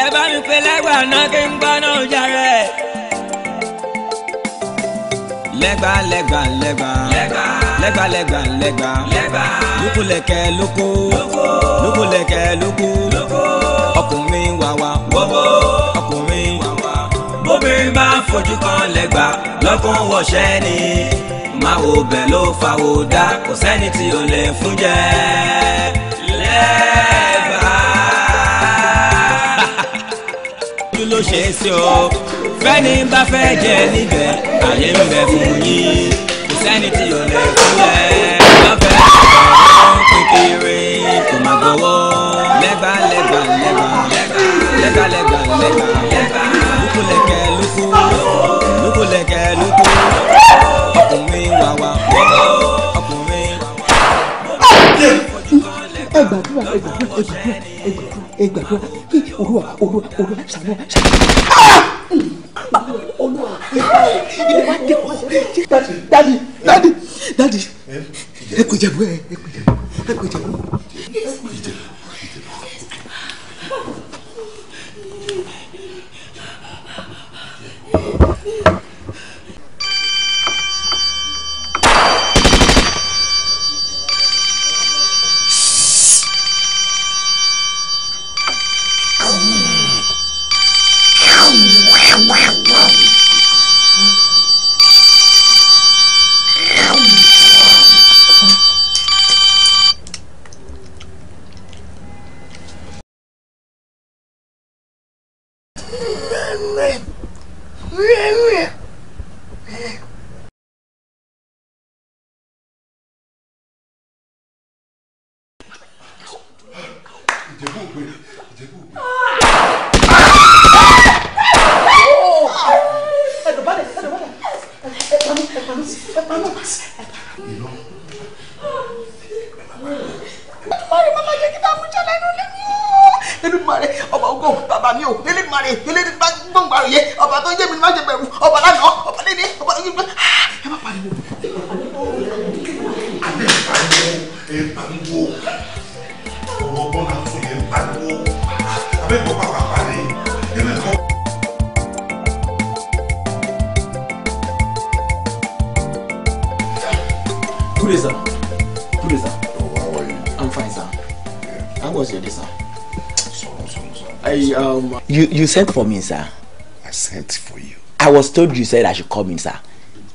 ẹ mi pe lẹ́gbà náà kí n gbọ́ náà jàre. lẹ́gbà lẹ́gbà lẹ́gbà lẹ́gbà lẹ́gbà lẹ́gbà lókùlẹ̀kẹ́ lóko lókùlẹ̀kẹ́ lóko ọkùnrin wàwà ọkùnrin wàwà. bóbìnrin bá fojú kan lẹ́gbà lọ́kàn wọ̀ṣẹ́ ni máa wo bẹ̀ ló fa wo dá kò sẹ́ni tí ò lè fún jẹ́ lẹ́gbà. ló ṣe é sí o fẹ́ni bá fẹ́ jẹ níbẹ̀ àyè ń bẹ fún yín kò sẹ́ni tí ò lè fúnlẹ̀ lọ́fẹ̀ẹ́ ọ̀rọ̀ kékeré kò má gbowó lẹ́bàá lẹ́bàá lẹ́bàá lẹ́bàá lẹ́bàá lẹ́bàá lẹ́bàá lúkúlẹ̀kẹ́ lúkú lúkúlẹ̀kẹ́ lúkú ọkùnrin wàwà wọ́pọ̀ ọkùnrin wàwà. ẹ gbàdúrà ẹ gbàdúrà ẹ gbàdúrà ẹ gbàdúrà olúwa olúwa olúwa ṣàánú ṣàánú. olúwa ilé wa dé ọ. dadi dadi dadi dadi ẹ kò jẹ̀bú ẹ ẹ kò jẹ̀bú ẹ kò jẹ̀bú. bàbá mi o elédìmarè elédìgbàgbọ̀ngbà òye ọba tó ń jẹ́ mi ni má ṣe bẹ̀rù ọba lánàá ọba lẹ́ni ọba lẹ́ni you you sent for me sir. I sent for you. I was told you said I should come in sir.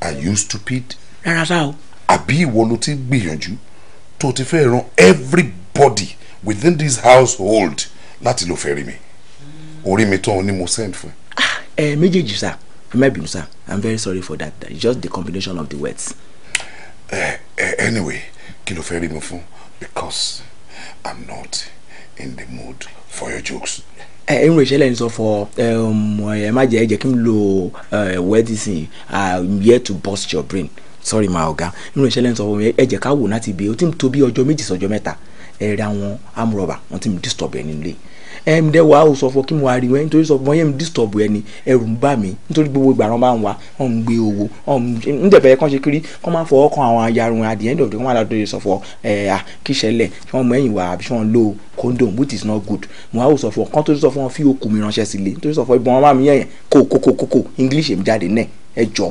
Are you stupid? rárá sá o. àbí ìwọ ló ti gbìyànjú tó ti fẹ́ ran everybody within this household láti lọ fẹ́ rí mi orí mi tán ni mo send for. ẹ ah, eh, méjèèjì sá ẹ má bínú sá i'm very sorry for that it's just the combination of the words. ẹ eh, ẹ eh, anyway kí ló fẹ́ rí mi fún because i'm not in the mood for your jokes irun ìṣẹ̀lẹ̀ ní sọ fọ ẹ um, eh, má jẹ́ ẹ jẹ́ kí n lo eh, wedicine ah, i'm here to burst your brain sorry ma ọ̀gá irun ìṣẹ̀lẹ̀ ní sọ fọ ẹ jẹ́ ká wò láti ibi ó ti ń tó bí ọjọ́ méjì sọ́jọ́ mẹ́ta ẹ rí àwọn amúrọ̀bà wọ́n ti ń disturb ẹ nílé ẹm dẹ wàá sọ fún kí mo wá rí wọn nítorí sọ fún wọn yẹn mi disturb ẹ ni ẹrù ń bà mí nítorí gbogbo ìgbà wọn bá ń wá wọn ń gbé owó ń dẹ̀bẹ̀ kán ṣe kiri kán máa fọwọ́ kan àwọn ayarun at the end of the kán máa lọ́dọ̀ yẹn sọ fún ẹ à kí ṣẹlẹ̀ ṣé wọ́n mọ ẹ̀yìn wá àbí ṣé wọ́n lo condom which is not good mo wá sọ fún ọ kán tó sọ fún wọn fi okùn mi ránṣẹ́ sílé nítorí sọ fún ìbọn wọn máa mi yẹn kó kó kó kó kó English èmi jáde náà ẹ jọ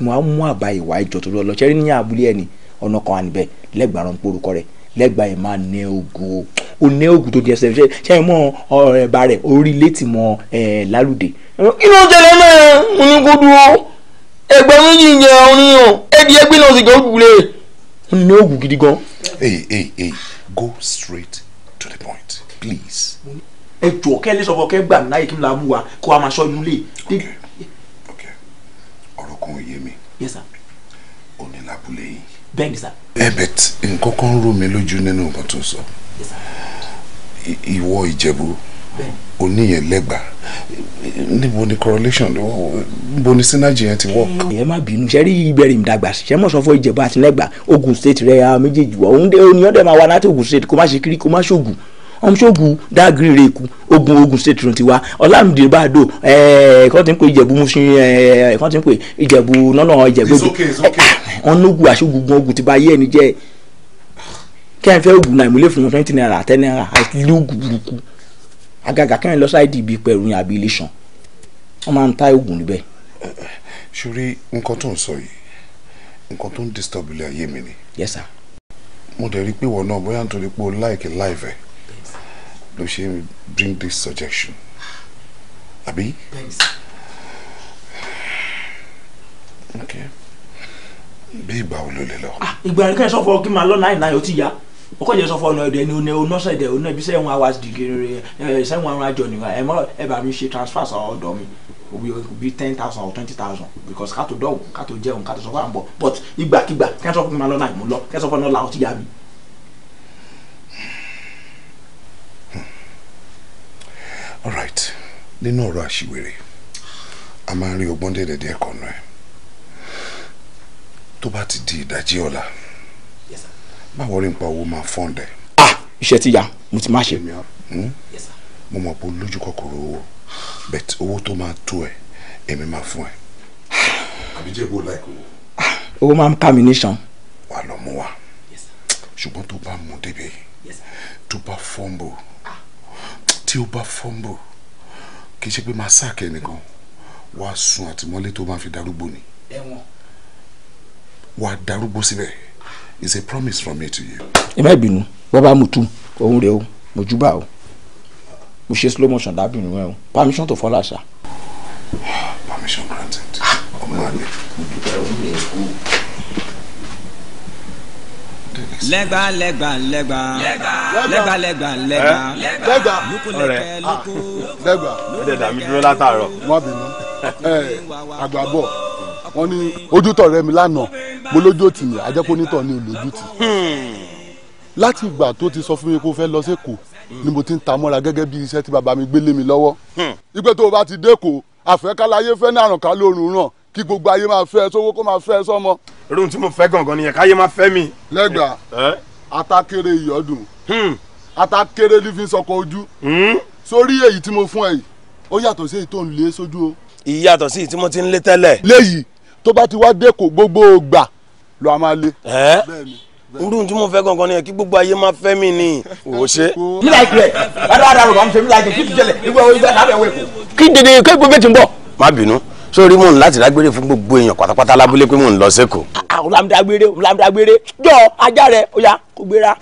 mo á mú àbá ìwà ìjọ tó lọ lọ ṣẹ́rí ní àbúlé ẹni ọ̀nà kan wà níbẹ̀ lẹ́gbàá rán porúkọ rẹ̀ lẹ́gbàá ẹ̀ máa nẹ ogun o nẹ ogun tó di ẹsẹ̀ ṣe ṣe ẹ̀ mọ́ ọ̀rẹ́ ba rẹ̀ orí létí mọ́ ẹ̀ lálùdé. kí ló ń tẹ̀lé mọ́ mo ní kó dúró ẹgbẹ́ méjì ń jẹ oníyàn ẹbí ẹgbẹ́ náà sì gbọ́dọ̀ wúlé mo nẹ ogun gidi gan. go straight to the point please. ẹ jọ̀ọ́ kẹ́lẹ́ sọ̀fọ̀ kẹ́ gbà náà kí n la mú wa kó a máa ṣọ́ inú lé. ọ̀rọ̀ kan yé mi. yes sir. òní làbúlé yìí. bẹ́ẹ̀ ni sir ebet nǹkan kan rú mi lójú nínú nǹkan tó sọ ìwọ ìjẹ̀bú oníyẹn lẹ́gbàá níbo ni correlation níbo ni synergy yẹn ti work. ẹ má bínú sẹ́rí ìbẹ̀rẹ̀ ìdàgbà ṣẹ́ mọ̀ sọ́fọ́ ìjẹ̀bú àti lẹ́gbàá Ogun State rẹ̀ méjèèjì wọ̀ òun ni ọ̀dẹ̀ máa wà láti Ogun State kó má ṣe kiri kó má ṣoògùn ọmọṣogun dágìrì rẹ ikú ogun ogun state tuntun ti wá ọlámìdí bàdó ẹ̀ẹ́dẹ́gbọ́n eh, ti ń pè ìjẹ̀bú musin ẹ̀ẹ́dẹ́gbọ́n eh, ti ń pè ìjẹ̀bú nọ́nà ìjẹ̀bú ọ̀nùgù àṣogun eh, ogun ti bá yé ẹni jẹ́ kẹ́hìn fẹ́ ogun náà ìmúlẹ̀ fún wọn twenty naira ten naira àti lóògùn burúkú àgàgà kẹ́hìn lọ sáìdì ibi pẹ̀lú yàn àbí iléṣàn wọ́n máa ń ta ogun níbẹ̀. ṣùrí nǹkan tó ń sọ yìí nǹkan tó ń disturb ilé ayé mi ni. yes sir. mo dẹ̀ rí pé ìwọ náà bóyá nítorí pé o láìkì láìfẹ́ ló ṣe bring this suggestion àbí. okay bí ìgbà wo ló lè lọ. Ah, ìgbà rẹ̀ kẹ́hìn sọ́fọ́ kí n máa lọ náírà náírà ó ti yá ọkọ jẹ sọfọ ọnà ẹdẹ ni ọnà ọnọsẹ ẹdẹ ọnà ibi sẹwọn hours degree ẹ sẹwọn hours journey wa ẹ mọ ẹ bá mi ṣe transfer sọ ọ̀dọ̀ mi obi obi ten thousand or twenty thousand because kátó dọ̀wù kátó jẹun kátó sọfọ à ń bọ̀ but ìgbàkigbà kẹ́hìn sọ́fọ́ kí n máa lọ náírà mo lọ kẹ́hìn sọ́fọ́ náà làwọn ti yá mi. all right nínú ọ̀rọ̀ àṣìwèrè a máa ń rí ọgbọ́n dẹ̀dẹ̀ díẹ̀ kan náà tó bá ti di ìdajì ọ̀la báwo rí nípa owó máa fọ́n dẹ̀. ah iṣẹ́ ti yá mo ti máa ṣe. Hmm? mo mọ̀ pé lójú kòkòrò owó bet owó tó máa tó ẹ̀ èmi máa fún ẹ. àbíjẹ́ bó láì kó. Ah, owó máa ń ká mi níṣan. wà á lọ mú wa ṣùgbọ́n tó bá mú débi tó bá fọ́nbò tí o bá fọ́nbò kì í ṣe pé máa sáàkì ẹnìkan wàá sun àtìmọ́lé tó máa fi darúgbó ni wàá darúgbó síbẹ̀ it's a promise from me to you. ẹ má bínú bàbá mu tú òun rẹ o mo júbà o mo ṣe slow motion dábìnrin rẹ o permission to follow àṣà. permission granted ah, ọmọ àlè lẹ́gbà lẹ́gbà lẹ́gbà lẹ́gbà lẹ́gbà lẹ́gbà lẹ́gbà eh, ọ̀rẹ́ ah, lẹ́gbà dàmí dúró látàárọ̀. wọ́n bínú eh, àgbà bọ̀ wọ́n ní ojútọ̀ rẹ mi lánàá mo lójú òtì mi àjẹpọ̀ onítọ̀ ni olójútì hmm. láti ìgbà tó ti sọ fún mi kó fẹ́ lọ sẹ́kọ̀ọ́ ni mo ti ń ta mọ́ra gẹ́gẹ́ bí iṣẹ́ tí bàbá mi gbélé mi lọ́wọ́ ìpè hmm. tó o bá ti dẹ́kọ̀ọ́ àfẹ́kálayé fẹ́ ní àrùn ká lórun kí gbogbo ayé máa fẹ́ sówó kó máa fẹ́ sọ́mọ. irun tí mo fẹ́ gangan nìyẹn káyé máa fẹ́ mi. lẹ́gbà atakere ìyọ́dùn atakere lífi sọkọ ojú sórí èyí tí mo fún ẹ yìí ó yàtọ̀ sí èyí tó ń lé sójú o. ìyàtọ̀ sí èyí tí mo ti ń lé tẹ́lẹ̀. léyìí tó bá ti wá dé kò gbogbo ògbà ló a máa lé. ẹ tí mo fẹ́ gangan nìyẹn kí gbogbo ayé máa fẹ́ mi ni òwò ṣe. mi láì tilẹ̀ bàdàbàdà rò bá mi fẹ́ mi láì kí tìjẹ́lẹ̀ ti ń sórí mò ń láti dágbére fún gbogbo èèyàn pátápátá lábúlé pé mò ń lọ sẹ́kọ̀ọ́. àwọn làmúdágbére làmúdágbére jọ ajá rẹ ó yá kó gbéra.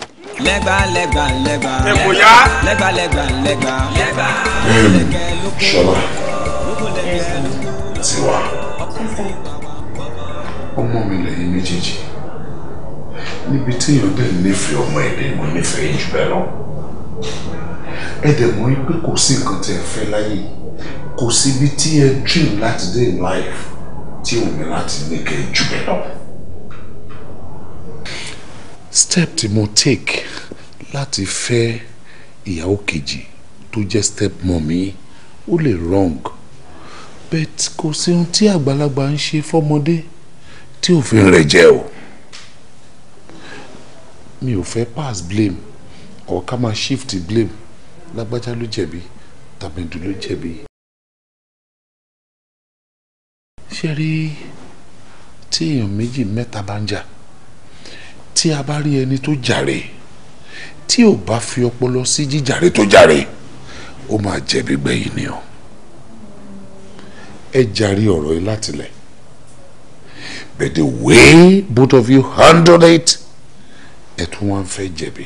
lẹ́gbà lẹ́gbà lẹ́gbà ẹ̀kọ́ yá. lẹ́gbà lẹ́gbà lẹ́gbà lẹ́gbà. ṣọlá tiwa ọmọ mi lẹ́yìn méjèèjì níbi téèyàn dẹ̀ nífẹ̀ẹ́ ọmọ ẹ̀dẹ̀ mo nífẹ̀ẹ́ jù bẹ́ẹ̀ lọ ẹ̀dẹ̀ mọ́ pé kò sí nǹkan tẹ̀ fẹ́ láyé yìí kò síbi tí ẹ dream láti dé in life tí ò ní láti ní kẹ́ ẹ jù bẹ́ẹ̀ lọ. step tí mo take láti fẹ́ ìyàwó kejì tó jẹ́ step mọ́ mi ó lè wrong but kò sí ohun tí àgbàlagbà ń ṣe fọ́mọdé tí òfin rẹ̀ jẹ́ o mi ò fẹ́ pass blame or ká máa shift blame lágbájá ló jẹ̀bi tàbẹ̀dù ló jẹ̀bi ṣe rí tí èèyàn méjì mẹ́ta bá ń jà tí a bá rí ẹni tó jàre tí ò bá fi ọpọlọ sí jíjàre tó jàre ó máa jẹ̀bi gbẹ̀yìn ni o ẹ jàre ọ̀rọ̀ yìí látilẹ̀ but the way both of you handled it ẹ tún wá ń fẹ́ jẹ̀bi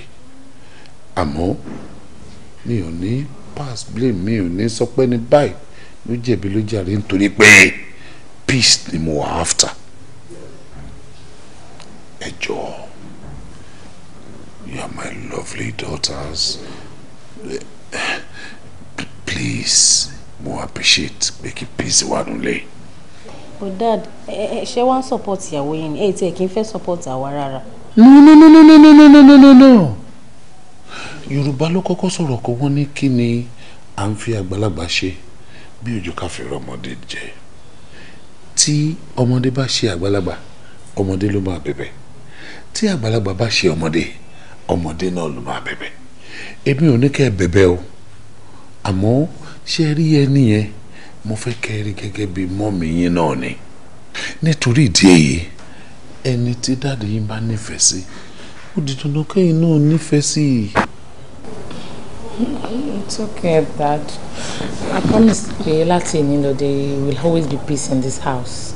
àmọ́ mi ò ní pass blame mi ò ní sọ pé ní báyìí ló jẹ̀bi ló jàre nítorí pé peace ni mo wà after ẹ jọ̀ọ́ you are my lovely daughters please mo appreciate pé kí peace wà nílé. o dad ẹ ṣe wá ń support ìyàwó yẹn ni ẹ tiẹ̀ kì í fẹ́ support àwa rárá. no no no no no no no no no no yorùbá ló kọ́kọ́ sọ̀rọ̀ kó wọ́n ní kí ni à ń fi àgbàlagbà ṣe bí ojú ká fi rọmọdé jẹ́ tí ọmọdé bá ṣe àgbàlagbà ọmọdé ló máa bẹ̀bẹ̀ tí àgbàlagbà bá ṣe ọmọdé ọmọdé náà ló máa bẹ̀bẹ̀ èmi ò ní kẹ́ ẹ bẹ̀bẹ̀ o àmọ́ ṣe rí ẹni yẹn mo fẹ́ kẹ́ ẹ rí gẹ́gẹ́ bí mọ́mì yín náà ni nítorí ìdí èyí ẹni tí dáàdì yín bá nífẹ̀ẹ́ sí ó kẹ́yìn náà nífẹ̀ẹ́ sí i. It's okay, Dad. I promise pé láti ìní lọ there will always be peace in this house.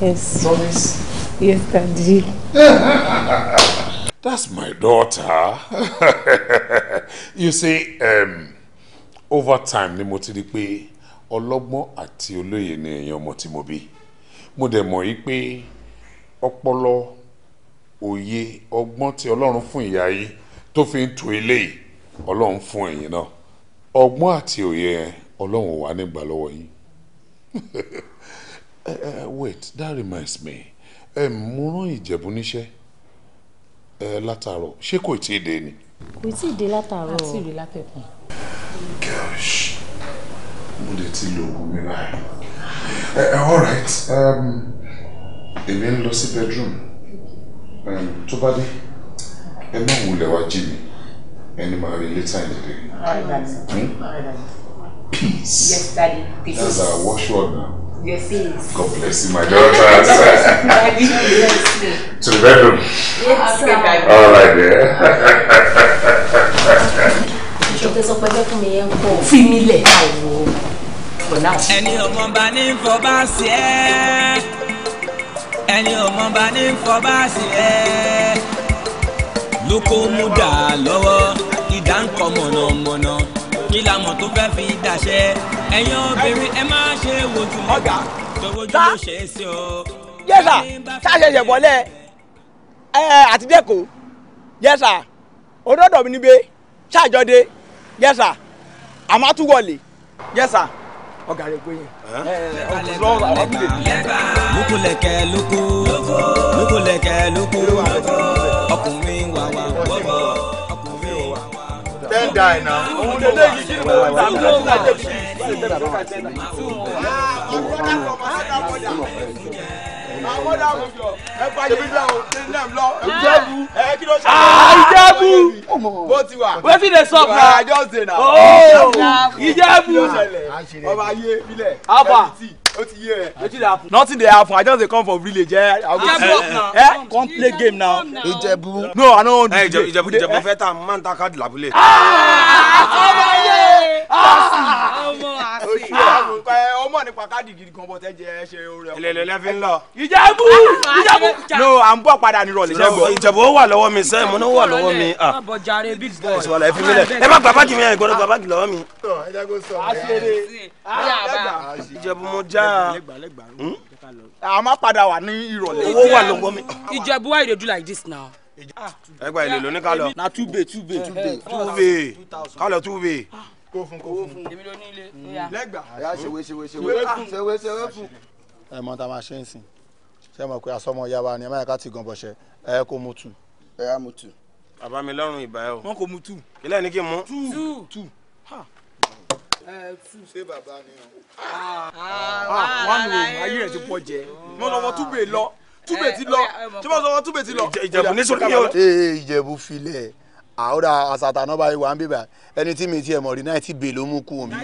Yes. Promise? Yes, Daddy. That's my daughter. You see, um, over time ni mo ti rí pé ọlọ́gbọ́n àti olóye ni èèyàn ọmọ tí mo bí. Mo dẹ̀ mọ̀ yí pé ọpọlọ òye ọgbọ́n tí Ọlọ́run fún ìyá yìí fi ń tu eléyìí ọlọ́run fún ẹ̀yin náà ọgbọ́n àti òye yẹn ọlọ́run ò nígbà lọ́wọ́ yín wait that reminds me mo rán ìjẹ̀bú níṣẹ́ látàárọ̀ ṣé kò tí ì dé ni. kò tí ì dé látàárọ̀ àti ìrì látẹ̀kùn. gosh mo lè ti lo oògùn mi báyìí. all right um, èmi ń lọ sí bedroom um, tó bá dé ẹ má wulẹ̀ wá jí mi any marry later in the day. Alright, Daddy. Hmm? Peace. Yes, Daddy. Peace. That's our washword now. Yes, please. God bless you, my daughters. Daddy, To the bedroom. Yes, okay, Daddy. Alright, yeah. Ìjọba ọkọ̀ mọ̀nàmọ̀nà kí la mọ̀ tó fẹ́ fi dàṣẹ ẹ̀yin obìnrin ẹ má ṣe wojú ọ̀gá tọwọ́jú ló ṣe é sí ọ. yẹ́sà ṣáṣe yẹ́sà òdòdó mi níbẹ̀ ṣàjọdé yẹ́sà àmàtúwọ̀lé yẹ́sà ọ̀gá rẹ̀ gbé yẹn ọ̀gá rẹ̀ gbé yẹn. ọkùnrin. Then die now. Òun lè léyìí ah, kí ni mo wà tàbí ló ń gbà débi bí. bó ti wà. Oh, Ọba ayé bílẹ̀. Afa nothing dey happen i just dey come from village eh i go see eh come play game now. ìjẹ̀bú. no i no wan do eh, play. ìjẹ̀bú ìjẹ̀bú fẹ́ ta máa ń ta Ah! ọmọ àti ọmọ nípa káàdì gidi kan bọ́ tẹ́jẹ́ ṣe orí ọkọ. ilẹ̀ ilẹ̀ fi ń lọ. ìjẹ̀bú ìjẹ̀bú. no à ń bọ̀ padà ní ìrọ̀lẹ́ sẹ́gbọ̀. ìjẹ̀bú ó wà lọ́wọ́ mi sẹ́yìn mo náà wà lọ́wọ́ mi. Ah. má bọ̀ jàre big boy. ẹ̀sùn wàlẹ̀ fi mi lẹ̀ ah, ẹ má gba báàgì mi yẹn ìgbọ́dọ̀ gba báàgì lọ́wọ́ mi. ìjẹ̀bú mo já a má padà wà ní ìrọ̀lẹ́. owó wà lọ́wọ́ mi. ìjẹ̀bú why you dey do like this now? ẹgbẹ́ ìlèlò ní ká lọ. na two bay two bay two bay two bay ká two bay kó fún kó fún èmi ló ní ilé mm. lẹ́gbà. àyà ṣèwé ṣèwé ṣèwé ṣèwé ṣèwé ah, fún. ẹ mọ tá a máa ṣe ń sìn ṣé mo pe àsọmọ ìyá wa ni ẹ má yẹ ti gan bọ̀ṣẹ ẹ kó mu tù. ẹ á mu tù. bàbá mi lọ́rùn ìbá ẹ o. wọn kò mu tù. kílẹ̀ ní kí n mú. tù tù tù ṣe bàbá ni o. Ah, ah, wọn lò ayé rẹ ti pọ̀ jẹ mo lọ wọ túbẹ lọ túbẹ ti lọ tí mo túbẹ ti lọ. ìjẹ̀bù ní sọ́kà. ìjẹ̀bù filẹ̀ àwòrán àsàtà náà báyìí wà ń bíbà ẹni tí mi ti ẹ̀ mọ̀ rí náà ti bè ló mú kú omi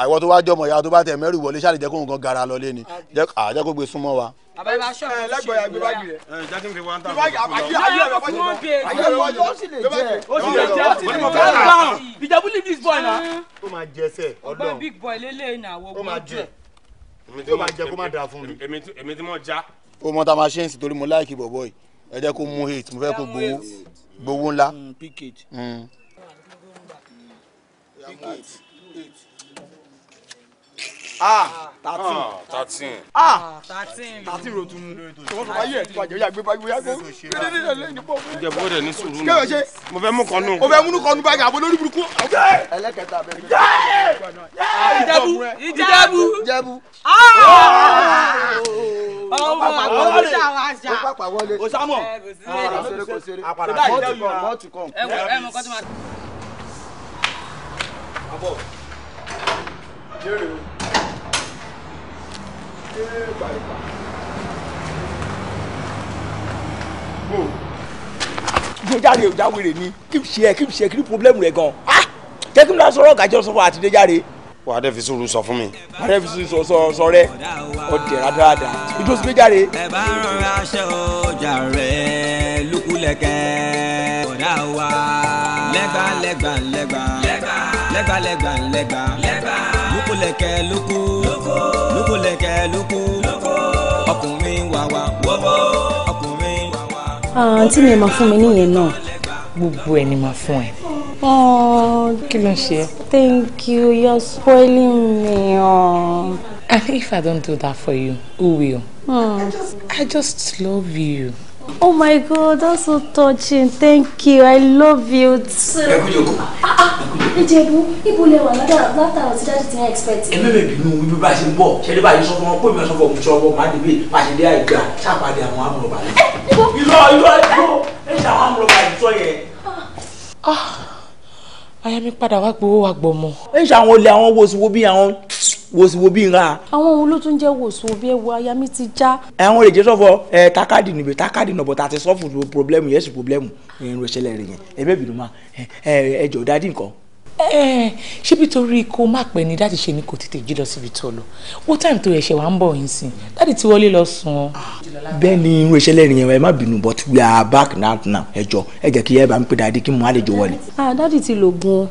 àìwọ́ tó wá jọmọ̀ ìyá tó bá tẹ̀ mẹ́rù ìwọlé ṣáà lè jẹ́ kó nǹkan gara lọ lé ni àjẹ́ kó gbé súnmọ́ wa. àbáyébá ṣọ́ọ̀bù ṣe é ó mọ ta ma ṣe ń sì torí mo láìkì bọ̀bọ̀ yìí ẹ jẹ́ kó mú hate mo fẹ́ kó gbowó gbowó ńlá. Mm, pk eight. Mm. Ah, ah thirteen ah, thirteen ah thirteen thirteen rotu mu ṣọwọ́n sọ ayé ẹ̀ tó àjẹ́ yàgbé báyìí yàgbó kéde ní ẹlẹ́yìn pọ̀ fún mi. ìjẹ̀bú ó dẹ̀ ní sùúrù nù kéwèé ṣe mo fẹ́ mú kọnu. o fẹ́ múnú kọnu báyìí àbọ̀ lórí burúkú. ẹlẹ́kẹta bẹ́ẹ̀ ni. ìjẹ̀bú ìjẹ̀bú ìjẹ̀bú. ọmọ ọmọ ṣàwàṣà ọsàmọ àpàrà mọ́tìkọ̀ mọ́tìkọ̀. ẹ mọ kọ́tùmá. àbọ̀ jẹ́rìí o jẹjáre ò jáwèrè ni kí n ṣe ẹ kí n ṣe kí n pọblẹ́mù rẹ gan ah jẹ́ kí n lọ sọ̀rọ̀ gàjọ́ sọ́fọ́ àti jẹjáre. wà á dẹ́ fi sùúrù sọ fún mi. wà á dẹ́ fi sùúrù sọ sọ rẹ ọdẹ rádaràdà ojú sí jẹjáre. ẹ bá rọra ṣe ọjà rẹ lukulẹ̀kẹ́ ọ̀dà wa lẹ́gbà lẹ́gbà lẹ́gbà lẹ́gbà lẹ́gbà lẹ́gbà lẹ́gbà lukulẹ̀kẹ́ lókòlẹ̀kẹ̀ lóko ọkùnrin wàwà wọ́wọ́ ọkùnrin wàwà. àǹtí mi máa fún mi níyẹn náà. gbogbo ẹ ni màá fún ẹ. kí ló ń ṣe thank you you're spoiling me. Um. and if I don't do that for you who will. Mm. I just love you. Oh my God, that's so touching. Thank you. I love you too. ah. kú jókòó. Ìjẹ̀bú, ibo lẹ wà látara tí dájú ti ń expect. Ẹ bẹ̀rẹ̀ bínú wípé bá a ṣe ń bọ̀. Ṣẹ́ni bá a ṣe sọ fún wọn, pé mi ò sọ fún ọmọ sọ fún ọmọ àdébí, bá a ṣe dé àìgbà, ṣàpàdé àwọn amúrọ̀bà yìí. Ìlọ ìlọ ìlọ ẹ ṣe àwọn amúrọ̀bà yìí sọ yẹn. Ah, aya mi padà wá gbowó wa gbọ̀ Ẹ ṣe àwọn olè àwọn wo sí wo bí àwọn wòsíwòbí ńlá. àwọn ohun ló tún jẹ́ wòsíwòbí ẹ̀wọ̀ aya mi ti já. àwọn olè jẹ́ sọ́fọ̀ ẹ takadi níbi takadi náà bọ̀tà àti sọ́fù problème yẹ́sì problème ìrìn ìṣẹ̀lẹ̀ rẹ̀ yẹn ẹ̀bẹ̀ bínú ma ẹ jọ̀ọ́ dádì nǹkan. ẹ ṣébi torí kó má pẹ́ ni dáàdì ṣe ni kò tètè jí lọ síbi tó lọ wó táìmù tó ẹ̀ṣẹ̀ wà ń bọ̀ yín sí dáàdì ti wọlé lọ sùn. bẹ́ẹ̀ ni irun ìṣẹ̀lẹ̀ rẹ̀ yẹn ẹ má bínú but we are back now now ẹ jọ̀ọ́ ẹ jẹ́ kí ẹ bá ń pè dáàdì kí mo má lè jọ wọlé. ah dáàdì ti lògùn o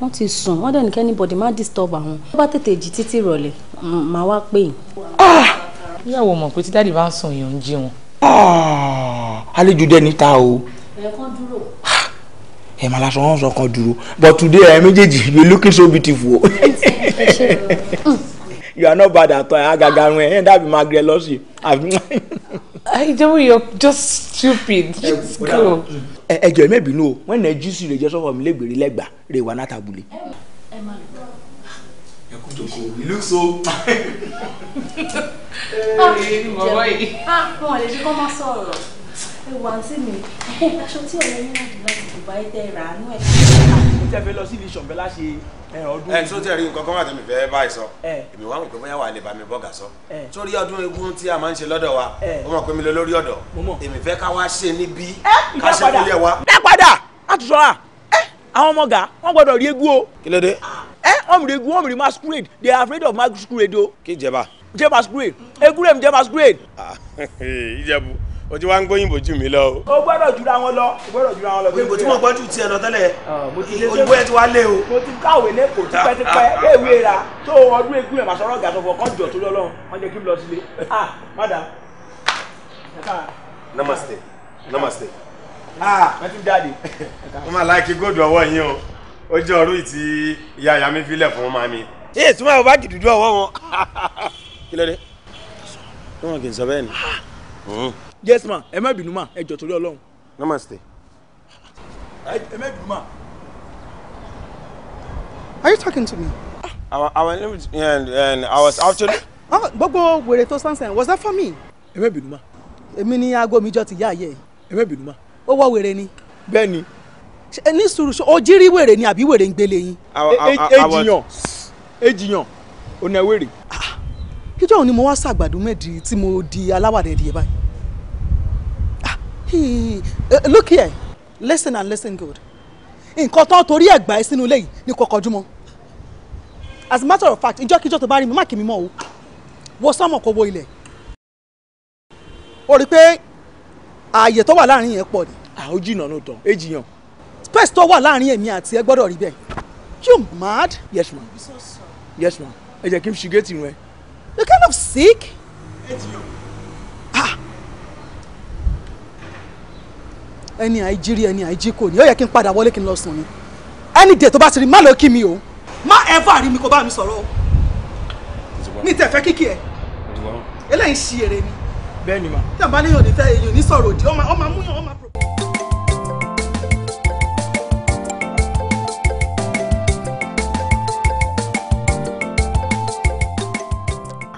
wọ́n ti sùn wọ́n dẹ̀ ní kẹ́ anybody má disturb àwọn tó bá tètè jí títí ìrọ̀lẹ́ màá wá pè yín. Ah! ìyàwó mọ̀ pé tí dáàdì bá ń sùn yàn ń jí wọn. Ah! àlejò dẹ níta o. ẹ̀ẹ̀kan dúró. Ah! ẹ máa lásán wọn sọ kan dúró but today ẹ méjèèjì you looking so beautiful. you are not bad at all agaga run ẹ ẹ dàbí máa grẹ lọ sí i. I know you're just stupid. Just go ẹjọ ẹ mẹbìnú o wọn nà jésù lè jẹ sọfọ mi lẹgbẹrẹ lẹgba rè wà náà tabule. ẹ kú tó kó you look so. ẹ ẹ bàbá yìí. a kún ọ lè fi kọ́ máa sọ̀rọ̀ ìwà àǹtí mi aṣọ tí a yín láti láti Dubai tẹ ìrànú ẹ̀. mo tẹ́ fẹ́ lọ sí ilé ṣọ̀bẹ́ láṣẹ ọdún. ẹ sọ tí ẹ rí nǹkan kan wà tẹ́mi fẹ́ báyìí sọ èmi wá mọ̀ pé bóyá wà lè bá mi bọ́gà sọ sórí ọdún egun tí a máa ń ṣe lọ́dọ̀ wa ó mọ̀ pé mi lọ lórí ọ̀dọ̀ èmi fẹ́ ká wá ṣe níbí ká ṣe fúlẹ̀ wa. Ah, ẹ padà àtúntò à àwọn ọmọ gà wọn gbọ́dọ̀ rí egun o. kí ló dé. ẹ wọn rí egun wọn rí masquerade they are afraid of masquerade o. kí ìjẹba. jẹ masquerade egun rẹ̀ mi jẹ masquerade. Ah, ìjẹ̀bù o ti wá ń gbóyìnbó jù mí lọ o. o gbọ́dọ̀ jura wọn lọ o gbọ́dọ̀ jura wọn lọ. òyìnbó tí mo gbọ́ jù tiẹ̀ lọ tẹ́lẹ̀ òyìnbó ah, ẹ ti wá lé o. mo ti káwé lẹ́kọ̀ọ́ tipẹ́tipẹ́ léèwé ah, ah, ra tó ọdún egun ẹ̀ màá sọ̀rọ̀ gàtọ̀ fọ kọ́jọ tó lọ́lọ́ wọn jẹ́ kí n lọ sílé. ah madam namaste namaste. ah mẹ́tí dáàdi. wọ́n máa láìkí góòdù ọwọ́ yín o ó jẹ́ ọrú ìtì ìyá ìyá mi fílẹ̀ fún ọmọ mi. ee tí wọn bá dìdú ọwọ́ wọn. kí ló dé. tó wọn kì í sọ bẹ́ẹ̀ ni. Hmm yes ma ẹ má bínú ma ẹ jọ torí Ọlọ́run. namaste. ẹ má bínú ma. are you talking to me. Ah, our our i was actually. gbogbo wèrè tó sánsẹ̀ was that for me. ẹ má bínú ma. èmi ni aago mi jọ ti yá ayé ẹ. ẹ má bínú ma. ó wọ wèrè ni. bẹ́ẹ̀ ni. ní sùúrù ó jírí wèrè ni àbí wèrè ń gbélé yín. ejiyàn ejiyàn ò náà wèrè. Ah, kíjọ́ òní mo wá ṣàgbàdo mẹ́ẹ̀dì tí mo di aláwàdẹ̀ẹ̀dì ẹ̀ báyìí. Eh, eh, look here listen and listen good nǹkan tán torí ẹ̀ gbà ẹ́ sínú ilé yìí ní kọkọjúmọ́ as a matter of fact ìjọ́kíjọ́ tó bá rí mi má kì mí mọ́ o wo sọ́mọ̀ kó wo ilẹ̀ o rí i pé ààyè tó wà láàrin yẹn pọ̀ ni. àwọn jìnnà ló tán èjì yàn. space tó wà láàrin èmi àti ẹ gbọ́dọ̀ rí bẹ́ẹ̀ you mad. yes ma'am. yes ma'am. am. ẹ jẹ́ kí n ṣì géètì rẹ. you kind of sick. ẹni àìjírí ẹni àìjí kò ní ó yẹ kí n padà wọlé kí n lọ sùn ni ẹni dè tó bá ti rí má lọ kí mi o má ẹ fà rí mi kó bá mi sọ̀rọ̀ o mi tẹ̀ fẹ́ kíkì ẹ̀ eléyìí ṣi èrè ni bẹ́ẹ̀ ni ma tí a bá léyìn òdìtẹ́ èyàn ní sọ̀rọ̀ òdì ọmọ ọmọ amúyàn ọmọ.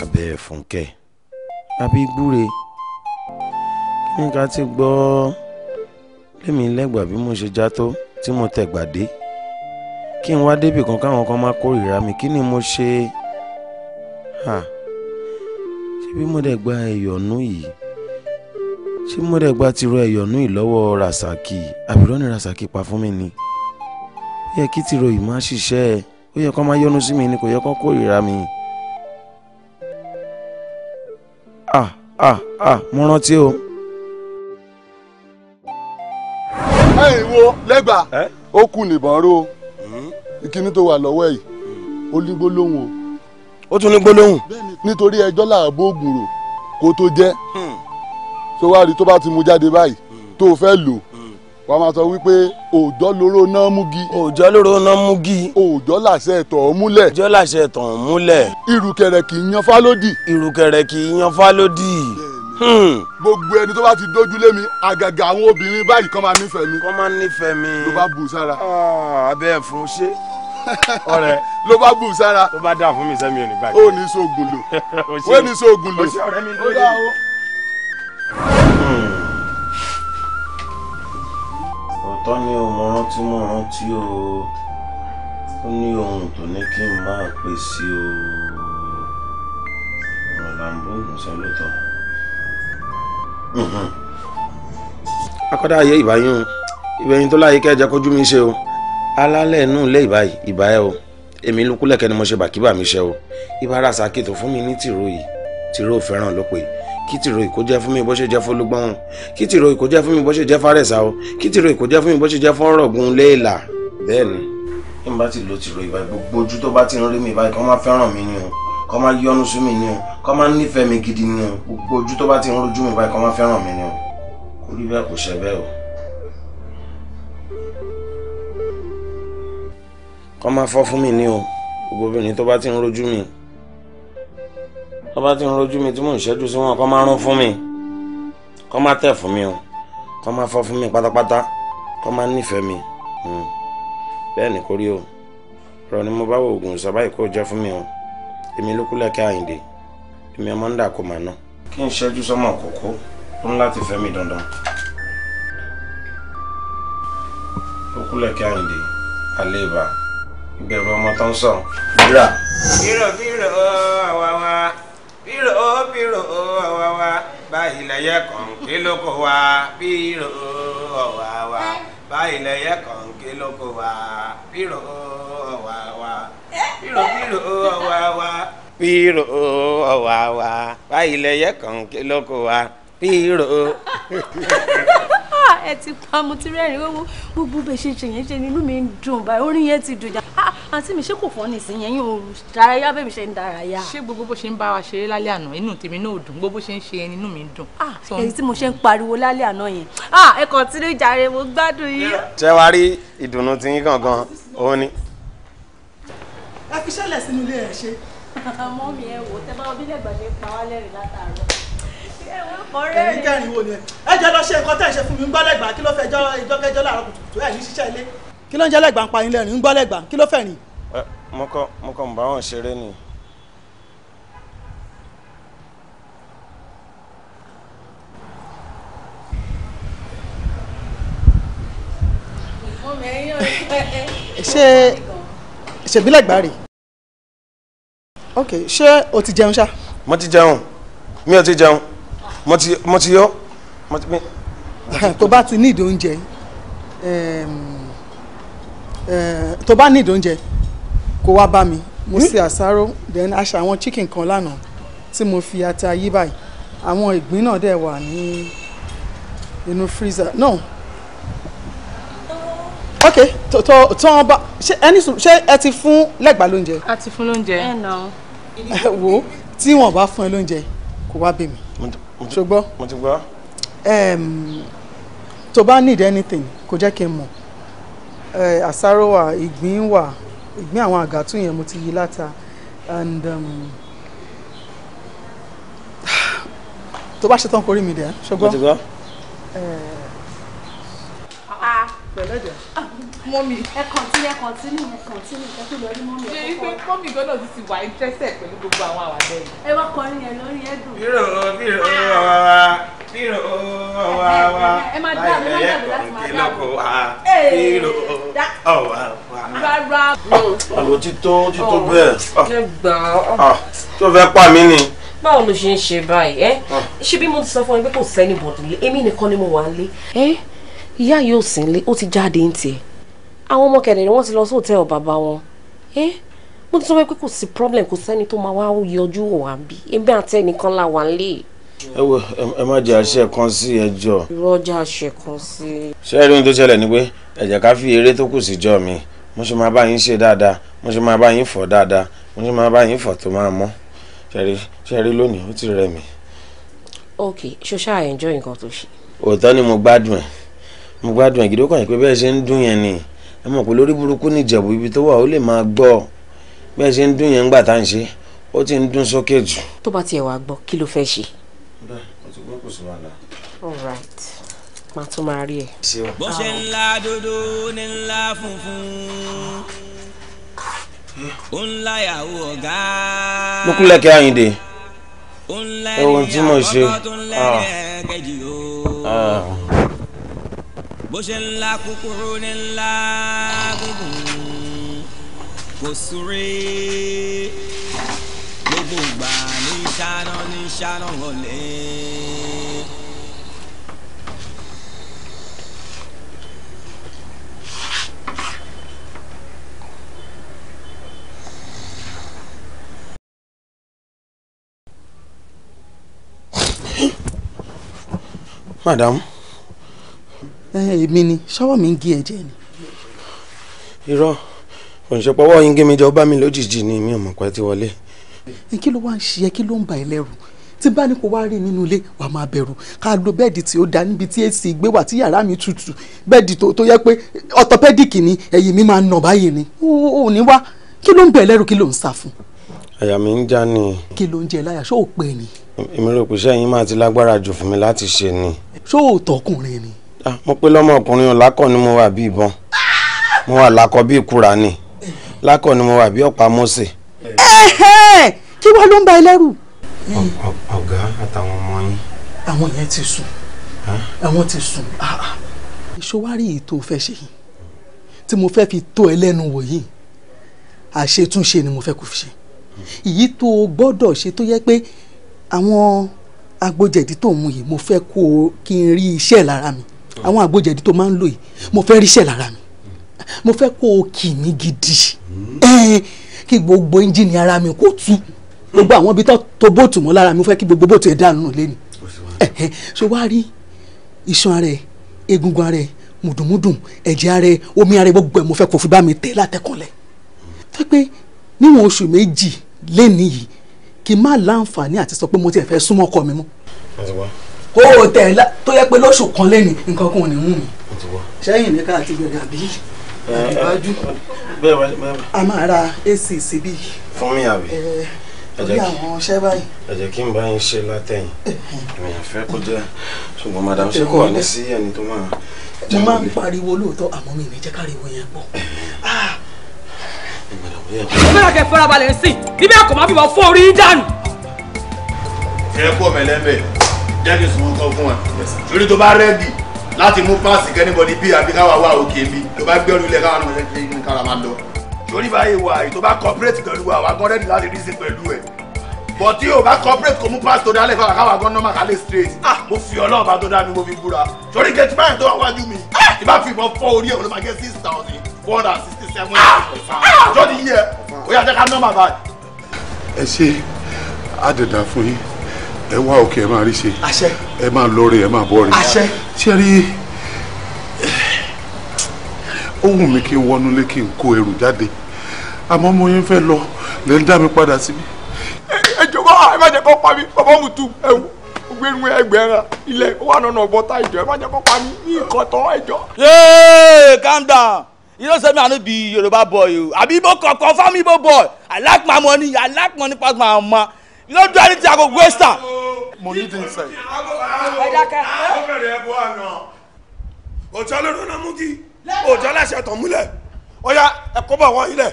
abẹ́ fúnkẹ́ abígbúre kí n ká ti gbọ́. Bo lèmi lẹ́gbàá bí mo ṣe já tó tí mo tẹ̀gbà dé kí n wá débì kan káwọn kan máa kórìíra mi kí ni mo ṣe ṣé bí mo dẹ̀ gba ẹ̀yọ̀nú yìí ṣé mo dẹ̀ gba tìrọ ẹ̀yọ̀nú yìí lọ́wọ́ rasaki àbúrò ni rasaki pa fún mi ni ó yẹ kí tìrọ yìí má ṣiṣẹ́ ó yẹ kó máa yọ́nú sí mi ni kò yẹ kó kórìíra mi. ah ah ah mo rántí o. ìwo lẹ́gbàá ó kù nìbọn ró ìkíní tó wà lọ́wọ́ yìí ó ní gbólóhùn o. ó tún ní gbólóhùn. nítorí ẹjọ́ làbó ògùnrò kó tó jẹ́ tó hmm. wá rí tó bá ti mú jáde báyìí hmm. tó o fẹ́ lò hmm. wàá máa sọ wípé òòjọ́ lóró náà múgi. òòjọ́ lóró náà múgi. òòjọ́ làṣẹ ẹ̀tọ̀ ọ̀hún múlẹ̀. òòjọ́ làṣẹ ẹ̀tọ̀ ọ̀hún múlẹ̀. ìrùkẹ̀rẹ̀ kì í yan fálódì. ìrùkẹ̀rẹ̀ kì í yan fálódì. Hmm. gbogbo ẹni tó bá ti dójú lé mi àgàgà àwọn obìnrin báyìí kan máa nífẹ̀ẹ́ mi. kọ́ máa nífẹ̀ẹ́ mi. ló bá bù sára. Ah, abẹ́ ẹ̀ fún ṣé ọ̀rẹ́ ló bá bù sára. ló bá dà fún mi sẹ́mi ò ní báyìí. ó ní sóògùn lò ó ní sóògùn lò. ọ̀sẹ̀ ọ̀rẹ́ mi ló dá hmm. òótọ́ ni o mo rántí mo rántí o ó ní ohun tó ní kí n máa pèsè o ọ̀làǹbó ògùn sọ lóòótọ́ akọ́dá ayé ìbáyún ìbẹ̀yìn tó láyé kẹ́ẹ̀jẹ́ kójú mi ṣe o alálẹ̀ inú ilé ìbáyìí ìbáyẹ̀ o èmi lukúlẹ̀kẹ́ ni mo ṣe bàkíbà mi ṣe o ibara sàkè tó fún mi ní tìró yìí tìró fẹ́ràn ló pè kí tìró yìí kó jẹ́ fún mi bó ṣe jẹ́ fọlọ́gbọ́n o kí tìró yìí kó jẹ́ fún mi bó ṣe jẹ́ fárẹ̀sà o kí tìró yìí kó jẹ́ fún mi bó ṣe jẹ́ fọ́rọ̀gùn léèlà bẹ́ẹ̀ ni bí mo bá ti lo tìró yìí báyìí tó bá ti ń rí mi báyìí kó má fẹ́ràn mi ni o kọ́ máa yọnu sí mi ni o kọ́ máa nífẹ̀ẹ́ mi gidi ni o gbogbo ojú tó bá ti ń rojú mi báyìí kọ́ máa fẹ́ràn mi ni o kò rí bẹ́ẹ̀ kò ṣe bẹ́ẹ̀ o. kọ́ máa fọ́ fún mi ni o gbogbo obìnrin tó bá ti ń rojú mi tó bá ti ń rojú mi tí mò ń ṣẹ́jú sí wọn kọ́ máa rún fún mi kọ́ máa tẹ̀ fún mi o kọ́ máa fọ́ fún mi pátápátá kọ́ máa nífẹ̀ẹ́ mi hmm. bẹ́ẹ̀ ni kò rí o rọ ni mo bá wo oògùn sábà ìkó jẹ́ fún mi o èmi ló kúlẹ̀ kí àyìndé èmi ọmọ ń dà kó màá ná. kí n ṣẹ́jú sọ́mọ kókó ó ń láti fẹ́ mi dandan. ó kúlẹ̀ kí àyìndé alẹ́ ìbá ìbẹ̀rù ọmọ tó ń sọ. bírà. bírò bírò àwàwà bírò bírò àwàwà báyìí lẹ́yẹ kọ̀ǹké lóko wa bírò àwàwà báyìí lẹ́yẹ kọ̀ǹké lóko wa bírò àwàwà bírò bírò ọ̀wà wa bírò ọ̀wà oh, wa wá ilẹ̀ yẹ kàn ké lóko wa bírò. Ah, ẹ ti pa mo ti rẹ́rìn wíwú gbogbo bẹ́ẹ̀ ṣe ṣèyẹn ṣe ni inú mi ń dùn báyìí orin yẹn ti dùn jà ah, àǹtí mi ṣé kò fọ́ nìsín yẹn yín o dárayá bẹ́ẹ̀ mi ṣe ń dárayá. ṣé gbogbo bó ṣe ń bá wa ṣeré lálẹ́ àná inú tèmi náà ò dùn gbogbo ṣe ń ṣe ẹni inú mi ń dùn. Ah, èyí tí mo ṣe ń pariwo lálẹ́ àná yẹn ẹ kàn tí ló jàre mo gbádùn yín. ṣé wàá rí ìdùnnú gangan òun ni ẹ fi ṣẹlẹ̀ sínú ilé ẹ̀ ṣe. àmọ́ mi ẹ wò tẹ bá onílẹ̀ gbàgbé pa wá lẹ́rìn látàárọ̀. ẹ̀yin kẹrin wo ni ẹ ẹ jẹ́ lọ ṣe nǹkan tẹ́ ẹ ṣe fún mi ń gbọ́ lẹ́gbàá kí ló fẹ́ jọ́ kẹjọ́ láàárọ̀ kùtùkùtù ẹ̀ ní ṣiṣẹ́ ilé. kí ló ń jẹ́ lẹ́gbàá ń pa yín lẹ́rìn ń gbọ́ lẹ́gbàá kí ló fẹ́ rìn. mo kàn mo kàn bá wọn ṣeré ni. ṣé ṣèbílẹ̀ gbàrè ok ṣé o ti jẹun ṣá. mo ti jẹun mi ò ti jẹun mo ti mo ti yọ mo ti mi. tó bá ti ní ìdí oúnjẹ ehm, eh, tó bá ní ìdí oúnjẹ kó wá bá mi mo hmm? ṣe àṣàrò then a àwọn chicken kan lánàá tí mo fi ata yí báyìí àwọn ìgbín náà dẹ̀ wà ní inú freezer náà. No ok tó tó bá ṣe ẹni sùn ṣé ẹ ti fún lẹ́gbàá lóúnjẹ. a ti fún lóúnjẹ. ẹ nà ó. ẹ wo tí wọn bá fún ẹ lóúnjẹ kò wá bẹ̀ mí. ṣùgbọ́n mo ti tó bá need anything kò jẹ́ kí n mọ̀ àsáró wà ìgbín wà ìgbín àwọn àgàtú yẹn mo ti yí láta and um, tó bá ṣetán kórìí mi dẹ̀ ṣùgbọ́n pẹ̀lẹ́jẹ̀. Ah, mọ́mì ẹ kọ̀ntínú ẹ kọ̀ntínú ẹ kọ̀ntínú ẹ tó lọ rí mọ́mì ẹ kọ̀ọ̀kan. ṣe é pé mọ́mì gbọ́dọ̀ ti ti wà ní tẹ́sẹ̀ pẹ̀lú gbogbo àwọn àwàdẹ yìí. ẹ wá kọrin yẹn lórí ẹ dùn. bírò bírò wà wá bírò wà wá láìpẹ́ lẹ́kọ̀ọ́ ìkẹlọ́kọ̀ wá bírò wà wá. rárá. àlọ́ ti tó ti tó oh. bẹ́ẹ̀. Ah. Ah, tó fẹ́ pa mí ni báwo ló ṣe ń ṣe báyìí ẹ ṣé bí mo ti sọ fún ẹ pé kò sẹ́ni bọ̀dùn lé èmi nìkan ni mo wà ń lé. ẹ ìyá yóò sì ń lé ó ti jáde ń tiẹ̀ àwọn ọmọ kẹ̀dẹ̀ ni wọ́n ti lọ sí hòtẹ́ẹ̀lì bàbá wọn ẹ́ mo ti sọ pé kò sí problem kò sẹ́ni tó máa wá yọjú wà bí ẹgbẹ́ àti ẹnìkan la wà lé. ẹ wo ẹ má jẹ àṣẹ kan sí ẹjọ́. ìrọjà àṣẹ kan sí. ṣé ẹ rí ohun tó ṣẹlẹ̀ ni pé ẹ jẹ́ ká fi eré tó kù síjọ́ mi mo ṣe máa bá yín ṣe dáadáa mo ṣe máa bá yín fọ̀ dáadáa mo ṣe máa bá yín fọ̀ tó máa mọ́ ṣẹ́rí ṣẹ́rí lónìí ó ti rẹ̀ mí. ok ṣoṣá enjoy nǹkan tó ṣe. òótọ́ ni mo gbádùn ẹ̀ mo gbádùn ẹ̀gídó kàn yín pé ṣe ń dún yẹn ni ẹ mọ̀ pé lórí burúkú ní ìjẹ̀bú ibi tó wà ó lè máa gbọ́ bẹ́ẹ̀ ṣe ń dún yẹn ńgbà tá à ń ṣe ó ti ń dún sókè jù. tó bá tiẹ̀ wá gbọ́ kí ló fẹ́ ṣe. all tún máa rí ẹ. bó ṣe ńlá dúdú ní ńlá funfun ó ńlá yàwó ọ̀gá. mo kúnlẹ̀ kí Àyìndé ohun tí mo ṣe bó ńlá kúkúrú ńlá gígùn kò súré gbogbo ìgbà ní ṣáná ní ṣáná wọlé. madam Eh, èmi ni ṣọ́wọ́ mi ń gé ẹ̀jẹ̀ ni. irọ́ òǹṣẹ́pọ̀wọ́ yín gé mi jọ bá mi lójijì ni mi ò mọ̀ pé ti wọlé. kí ló wá ń ṣe ẹ kí ló ń bà ẹ́ lẹ́rù tí bá ní kó wá rí nínú ilé wà máa bẹ̀rù ká lo bẹ́ẹ̀dì tí ó da níbi tí èsì ìgbé wà tí yàrá mi tutù bẹ́ẹ̀dì tó yẹ pé ọ̀tọ̀pẹ́díkì ni ẹ̀yìn mi máa nà báyìí ni ò ní wá kí ló ń bẹ̀ lẹ́rù kí ló ń sá fún. àyà mi ń já ni. kí ló ń jẹ láyà ṣó o pè ní. èmi rò pé sẹ́yìn máa ti lágbára jù fún mi láti ṣe ni. ṣó o tọkùnrin ni. Ah, mo pé lọ́mọkùnrin ọ̀làkọ̀ ni mo wà bí ìbọn mo wà lákọ̀ bí ìkúra ni lákọ̀ ni mo wà bí ọ̀pá mọ́sẹ̀. kí wàá ló ń ba ẹlẹ́rù. ọ̀gá àtàwọn ọmọ yín. àwọn yẹn ti sùn àwọn ti sùn. ìṣòwárí ah, ah. yìí tó fẹ́ ṣe yìí tí mo fẹ́ fi tó ẹ lẹ́nu wò yìí àṣetúnṣe ni mo fẹ́ kó fi ṣe èyí tó o gbọ́dọ̀ ṣe tó yẹ pé àwọn agbójẹ̀dí tó ń mu yìí mo fẹ́ kó o kí n rí iṣẹ́ lára mi àwọn àgbójẹ̀dí tó máa ń lò yìí mo fẹ́ ríṣẹ́ lára mi mo fẹ́ kó o kì mí gidi kí gbogbo ẹ́ńjìnì ara mi kó tú gbogbo àwọn ibi tó bóòtù mọ́ lára mi mo fẹ́ kí gbogbo bóòtù ẹ̀ dànù lẹ́nu ṣé wàá rí iṣan ara ẹ egungun ara mùdùmùdùn ẹ̀jẹ̀ ara omi ara gbogbo ẹ̀ mo fẹ́ kó fi bá mi tẹ̀ látẹ̀kọ̀lẹ̀ fẹ́ pé níwọ̀n oṣù méjì lẹ́nìí yìí kí n má láǹfààní àti sọ pé mo ti fẹ́ súnmọ́ ọkọ mi mọ́ kó o tẹ̀ ẹ́ tó yẹ pé lóṣù kan lẹ́nu nǹkan kan ò ní mú mi. sẹ́yìn ní ká àti gbẹ̀rẹ̀ àbí àbíbájú a máa ra ac síbí. fún mi àbí ẹ̀jẹ̀ kí àwọn ọṣẹ́ báyìí. ẹ̀jẹ̀ kí n bá yín ṣe látẹ̀yìn èèyàn fẹ́ kó jẹ́ ṣùgbọ́n madam ṣé kò wà ní sí ẹni tó máa. mo máa ń pariwo lóòótọ́ àmọ́ mi ì ní jẹ́ káriwo yẹn pọ̀ ọbẹ̀rẹ̀ ah! kẹ fẹ́ra balẹ̀ sí i níbẹ̀ kò má fi wọ́n fọ́ orí dànù. ẹ kú ọmọ ẹlẹ́bẹ̀ẹ́ jẹ́ kí n sùn nǹkan fún ẹ torí tó bá rẹ́dì láti mú páàsì kẹ́nìbọ̀dì bí àbí káwa wà òkè bí tó bá gbẹ́rù ilẹ̀ káwa náà ṣe kí n kára máa lọ. torí báyìí wà yìí tó bá cooperate pẹ̀lú wa wà gan rẹ́dì láti rí sí pẹ̀lú ẹ̀ bọ̀ tí o bá cooperate kò mú páàsì tó dálẹ̀ fáwọn káwa gan normal kálẹ̀ straight ah! mo fi ọlọ́ọ̀bá tó dá mi mo fi búra torí gẹ̀ẹ́tì báyìí tó wá wájú mi ìbá ah! fi ìbọn fọ́ orí ẹ̀ olùmọ̀ gẹ́ six thousand four hundred sixty seven ah! jọ́ni yẹ ó yà jẹ́ ká nọ́ọ̀mà báyìí. ẹ ṣe àdèdà fún yín ẹ wá òkè ẹ máa rí ṣe àṣẹ ẹ máa lọ rè ẹ máa bọ rè àṣẹ ṣé rí ó wù mí kí n wọnúlé kí n kó ẹrù jáde àmọ́ mo yẹn fẹ́ lọ lẹ́ ń dá mi padà síbi. ẹ jọ̀wọ́ ẹ má jẹ́ kó pa mí bàbá mi tu ẹ̀wù gbẹ̀rù ẹgbẹ̀rún ilẹ̀ wà nọ̀nà bọ́tà ìjọ ẹ má jẹ́ kó pa mí ní ìkọ̀tọ̀ ẹjọ́. yéé calm down you know say me i no be Yoruba boy o àbí ibo kọ̀ọ̀kan fáwọn ibo boy i like my money i like money pass my mama you don't do anything i go waste am. mo need inside. ẹ ẹ bọ́ àná òjò ló dáná mú kí òjò aláṣẹ tàn múlẹ̀ ọ̀yà ẹ̀kọ́ bọ̀ wọ́n ilẹ̀.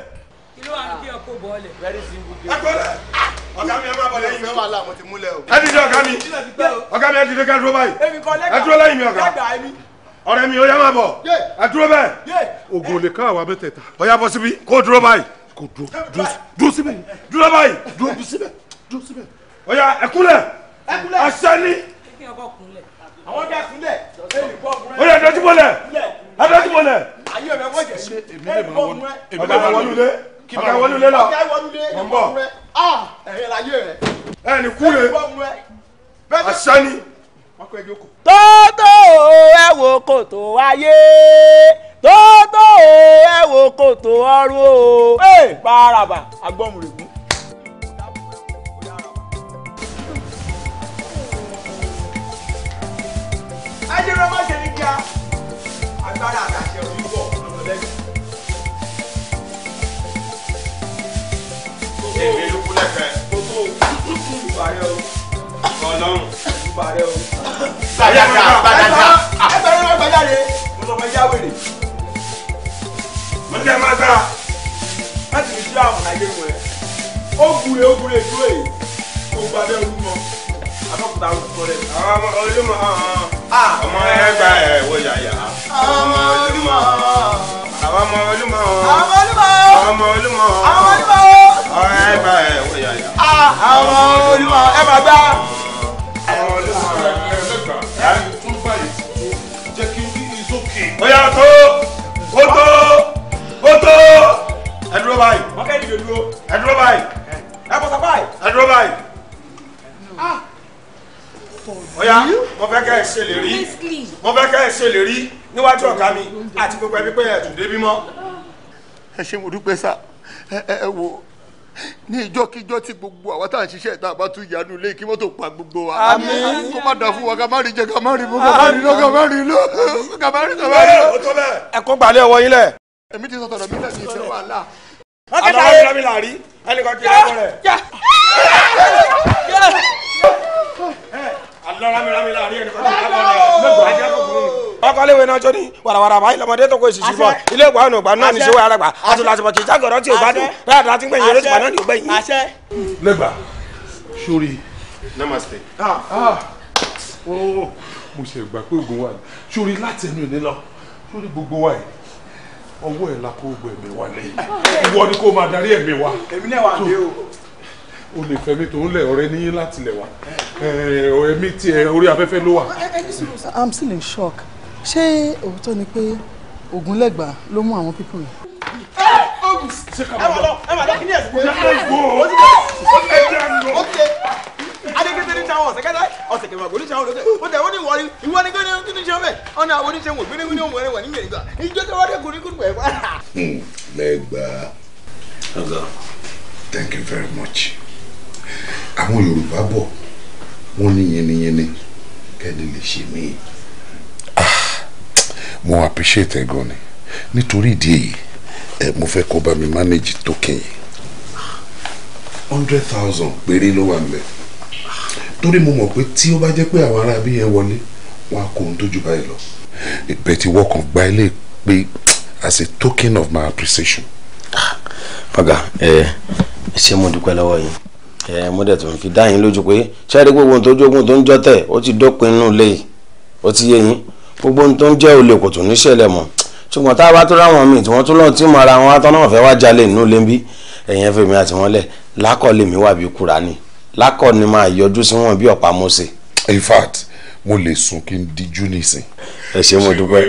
kí ló kí ọkọ̀ bọ̀ ọ́lẹ̀. very simple. ẹ gbọ́dọ̀ ọ̀gá mi ẹ má bọ̀lẹ̀ yìí mi. ẹ ti di ọ̀gá mi ọ̀gá mi ẹ ti di ká báyìí ẹ dúró lẹ́yìn mi ọ̀gá ọ̀rẹ́ mi ó máa bọ̀ ẹ dúró bẹ́ẹ̀. ògùn ò lè ká àwa mẹ́tẹ̀ẹ̀ta. ọ̀yà bọ̀ síbi kó dúró báyìí kó dúró dúró dúró báyìí dúró síbẹ̀ dúró síbẹ̀. ọ̀yà ẹ̀kúnlẹ̀ ẹ̀kúnlẹ̀ aṣẹ́ni. àwọn bẹ́ẹ̀ kúnlẹ̀. ọ̀yà ẹ̀dọ́júbọ̀lẹ̀ ẹ̀dọ́júbọ̀lẹ̀. ayé ọ̀rẹ́ wọ́n jẹ̀ la. ọ̀gá wọlé lé la. mọ̀ tótó ẹ wo kòtò wáyé tótó ẹ wo kòtò ọrùn o. ẹ bá araba agbọ́mùrè mú. ẹni rẹ má ṣe ní kíá agbára àtàṣe òní bọ̀ lọ́wọ́ lẹ́yìn. èmi ló kú lẹ́fẹ̀ẹ́. gbogbo ìbàrẹ̀ o. ọlọ́run ìbàrẹ̀ o. gbàdájà gbàdájà. ẹ bẹ̀rẹ̀ náà gbàdájà mo sọ ma yá wèrè. mo jẹ́ máa gbára. láti fi ṣíra àwọn ayé wọn ẹ̀. ó gure ó gure dúró yìí. kó gbàdé olúmọ. abẹ́kúta olùkọ́ rẹ̀. àwọn ọmọ olúmọ hàn án. Ah, ọmọ ẹgbà ẹwọ yàyà ọmọ olúmọ àwọn ọmọ olúmọ ọmọ olúmọ ah, ọmọ olúmọ ọmọ olúmọ ọmọ ẹgbà ẹwọ yàyà àwọn olúmọ ẹ máa gbá. ọ̀yá hmm? mo fẹ́ kẹ́ ẹ ṣe lè rí mo fẹ́ kẹ́ ẹ ṣe lè rí níwájú ọ̀gá mi àti gbogbo ẹbí pé ẹ tún débí mọ́. ẹ ṣe mo dúpẹ́ sá ẹ wò ní ìjọ́kíjọ́ tí gbogbo àwọn tá à ń ṣiṣẹ́ ìta àbá tún yanu ilé kí mọ́tò pa gbogbo wa. àmín kó má dà fún wa ká má rí jẹ ká má rí mú ká má rí lọ ká má rí lọ ká má rí ká má rí lọ. ẹ kó gbalẹ̀ ọwọ́ yín lẹ̀. èmi ti sọ̀tọ̀ lọ́mí lẹ́yìn ìṣẹ́ wàhálà. ọkẹ́ ta ẹ ẹnìkan kí ẹ lọ́wọ́ rẹ̀ lọ́ra mi náà jọ ní warawara báyìí lọmọdé tó kó èsì síbọ ilé ìgbà ọ̀nà ìgbà náà ní sèwé aragba àtúntàtúbọ̀ kì í jágọ̀rọ̀ tí o bá dùn dáadáa tí gbẹ̀yìn olóṣùpá náà ní ògbẹ́ yìí. lẹ́gbàá sórí. namaste. mo ṣe gbà pé oògùn wà ní sórí láti ẹnu ìní lọ sórí gbogbo wa yìí ọwọ́ ẹ̀ la kó gbogbo ẹ̀mí wa lẹ́yìn ìwọ ni kó máa darí ẹ̀mí wa. èmi náà wà ní o o lè fẹ́ mi tó ń lẹ̀ ọ̀rẹ́ ní láti lẹ̀ wá eh, ọ̀rẹ́ mi ti eh, orí afẹ́fẹ́ ló wà. Eh, i'm still in shock ṣé òótọ́ ni pé Ògúnlẹ́gbà ló mú àwọn pípọ̀ yìí. ẹ wà lọ ẹ wà lọ kí ni ẹ̀sìn kò ní ẹ̀sìn ní adekete ní tiwọn ní mẹrìndà ní kúrú thank you very much àwọn yorùbá bọ̀ wọ́n ní yẹniyẹni kẹ́lẹ́ lè ṣe mí. Ah, mo appreciate ẹ gan ni nítorí ìdí èyí mo fẹ́ kó bá mi manage token yìí hundred thousand péré ló wà níbẹ̀ torí mo mọ̀ pé tí ó bá jẹ́ pé àwọn aráabí yẹn wọlé wọn á kó ohun tójú báyìí lọ. ìbẹ̀tì wọ́kàn gba ilé pé as a token of my appreciation. Paga ah, ẹ ṣé mo dúpẹ́ lọ́wọ́ yín ẹ mo dẹ̀ tó ń fi dá yín lójú pé ṣáàrí gbogbo ohun tó jogún tó ń jọ tẹ̀ ó ti dópin inú ilé yìí ó ti yé yín gbogbo ohun tó ń jẹ́ olè kò tó ní ṣẹlẹ̀ mọ́ ṣùgbọ́n tá a bá tó ráwọn míì tí wọ́n tó lọ́n tí mo ara wọn atọ́ náà wá jalè nínú ilé ń bí ẹ̀yìn ẹ̀fẹ̀ mi àti wọn lẹ̀ lákọ̀ lèmi wà bí Kùránì lákọ̀ ni máa yọjú sí wọn bí ọ̀pá Mósè. in fact mo lè sùn kí n díjú nìsín. ẹ ṣe mo dúpẹ́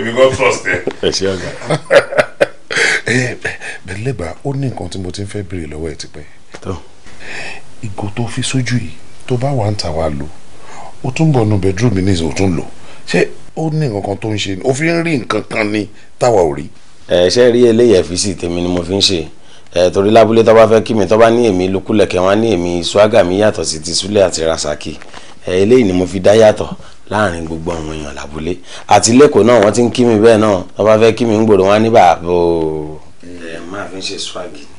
ẹ ṣe ọ̀gá. ẹ bẹ̀lẹ́bà ó ní nǹkan tí mo ti ń fẹ́ béèrè lọ́wọ́ ẹ̀ tipẹ́ ìgò tó fi sójú yìí tó bá wà ń tà wá lò ó tún bọ̀ nu bedroom mi nísìnyí ó tún lò ṣé ó ní nǹkan kan tó ń ṣe ó fi ń rí nǹkan kan ní táwa ò rí. ẹ ṣe rí eléyìí ẹ̀fíìsì tèmi ni mo fi ń ṣe ẹ torí lábúlé tó bá fẹ́ kí mi tó bá ní èmi lukulẹ̀kẹ́ wọn ní èmi swaga mi yàtọ̀ sí ti Sule àti Rasaki ẹ eléyìí ni mo fi dá yàtọ̀ láàrin gbogbo àwọn èèyàn lábúlé àti lẹ́kọ̀ọ́ náà wọ́n ti ń kí mi bẹ́ẹ̀ náà tó bá fẹ́ kí mi ń gbòòrò wọn ní bàbá ẹ máa fi ń ṣe swagi ni.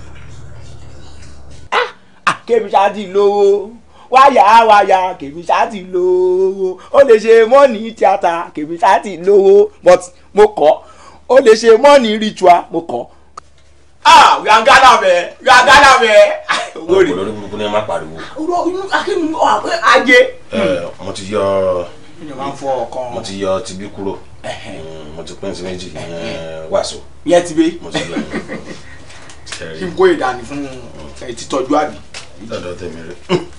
kèmí ṣáà ti lówó wáyà wáyà kèmí ṣáà ti lówó ó lè ṣe mọ́ọ̀nì tíátà kèmí ṣáà ti lówó but mo kọ́ ó lè ṣe mọ́ọ̀nì ritual mo kọ́. ah we are Ghana bẹ we are Ghana bẹ. Ah, owó rè olórí burúkú ni ẹ má pariwo. ọ̀rọ̀ inú akéwì ajé. ẹ mo ti yọ mo ti yọ tibí kúrò mm, mo ti pín sí méjì wàásù. yẹn ti bẹ kí n kó ìdánì fún ẹ ti tọjú àbí dọ̀dọ̀ tèmi rè.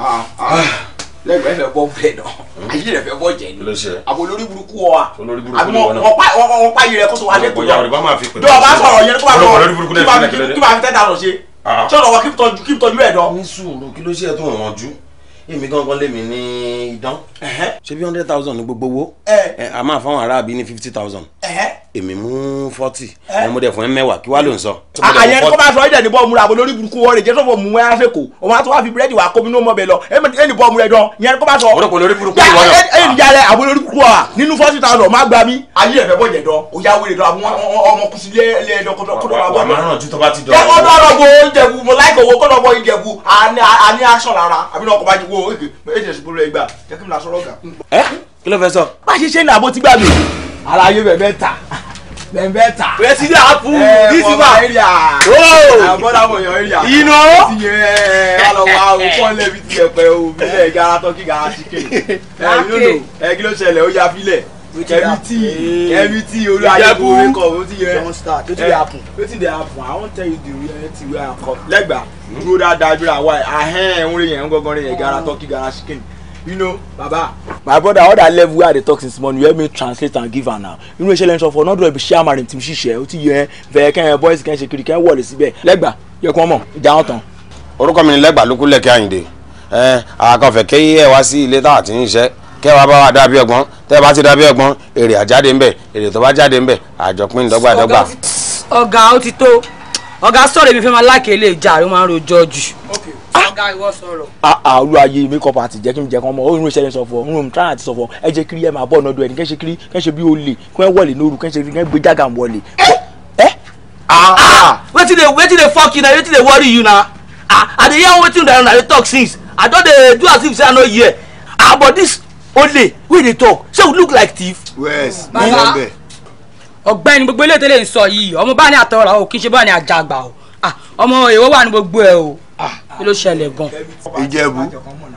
Ah, ah. lẹ́gbẹ̀ẹ́ fẹ́ bọ́ bẹ́ẹ̀ náà hmm? ayé rẹ̀ fẹ́ bọ́ jẹ́ ni àbò olórí burúkú ọ wa àbí wọ́n pa ayé rẹ̀ kó tó wá lẹ́kọ̀ọ́ yẹn dọ́ọ̀ bá sọ̀rọ̀ yẹn kó bá lọ kí bá fi tẹ́ta lọ ṣe ah. sọ̀rọ̀ wa kí tọ́jú ẹ̀ dán. ní sùúrù kí ló ṣe é tó rànjú èmi gangan lèmi ní idán. ṣé bí hundred thousand ní gbogbo owó a máa fáwọn aráàbí ní fifty thousand èmi mú forty ẹ mo dẹ̀ fún ẹ mẹ́wàá kí wàá ló ń sọ. àyẹ̀ kó máa sọ ẹ̀dẹ̀ ní bọ́ọ̀mù lórí burúkú wọ́n rè jẹ́ sọ́fọ̀ mú ẹ́ àṣekò òun á tún wá fi búrẹ́dì wá kó mi ní ọmọbẹ lọ ẹ ní bọ́ọ̀mù rẹ̀ dán kó máa sọ. orúkọ lórí burúkú ni wọ́n ẹ ẹ ǹjẹ́ rẹ lórí burúkú wa nínú forty thousand má gba mi. ayé ẹ̀fẹ̀ bọ̀ jẹ̀ wo èjì ẹ̀sùn gbòòrò ẹgbà jẹ́ kí n lọ sọ̀rọ̀ ọ̀gá. ẹ kí ló fẹ́ sọ. bá a ṣe ṣe ní àbó tí gbàgbé. àlàyé bẹ̀bẹ̀ ta bẹ̀bẹ̀ ta. president apu disiba o àbọ̀dàbọ̀ yan area. iná. ti yẹ alọ́wọ́ àwọn fọ́nlẹ̀ bíi ti ẹ̀pẹ́ o bílẹ̀ gara tọ́kì gara síkè. ẹ kí ló ṣẹlẹ̀ ó ya fílẹ̀ kẹ́mítì kẹ́mítì olúwayẹ̀bù orúkọ o ti yẹ johnstar tó ti yẹ àpùn. tó ti yẹ àpùn i wan tell you the reality wey i come lẹ́gbàá dúró dáadáa dúró àwa ẹ̀ ahẹ́n yẹn ń yẹn gara mm. turkey gara chicken you know baba. my brother all that level wey i dey talk since morning you help me translate and give am now inú iṣẹ́ lẹ́nu sọ̀fọ̀ nọ́dúró ibi ṣé àmàrin tìmí ṣiṣẹ́ ó ti yẹ bẹ̀rẹ̀ kẹ́hìn boys kẹ́hìn ṣe kiri kẹ́hìn wọlé síbẹ̀ lẹ́gbàá yẹ kó mọ̀ ìjà wọn tán. orúkọ mi ni lẹ́gbàá lókùlẹ̀kẹ́ àyìndé ẹ̀ àkànfẹ́ kéyí ẹ̀ wá sí ilé tá a ti ń ṣe kẹwàá bá wà dàbí ọgbọ́n tẹ́ bá ti dàbí ọgbọ́n èrè àjáde ńbẹ èrè tó bá jáde ńbẹ àjọpín dọ́gba dọ́gba. ọ̀gá ó ti tó ọ̀gá sọ̀rọ̀ èmi fẹ́ máa láàkè lè jà ló máa ń rojọ́ jù. Ah! ọ̀gá ìwọ sọ̀rọ̀. àlọ́ ayé mi kọ́ pàtì jẹ́ kí n jẹ́ kán mọ́ ó ń rún ìṣẹ́yìn sọ̀fọ̀ ń rún tíráyà ti sọ̀fọ̀ ẹ jẹ́ kiri ẹ máa bọ̀ ọ̀nà ọdún ẹni kẹ́ ṣe kiri kẹ́ ṣe bí o lè kí wọ́n wọlé lóru kẹ́ ṣe kiri kẹ́ gbé jágà wọlé. ẹ wetin dey you na since i don dey do as if say i no hear ah but this olè wey dey talk say we look like thief. wẹ́ẹ̀s ní ọbẹ̀. ọ̀gbẹ́ni gbogbo ilé tẹ́lẹ̀ ń sọ yìí ọmọ bá ní àtọ̀rọ̀ o kì í ṣe bá ní àjàgbà o ah, ọmọ èèwọ̀ wà ní gbogbo ẹ̀ o ah, kí ló ṣẹlẹ̀ gan. ìjẹ̀bú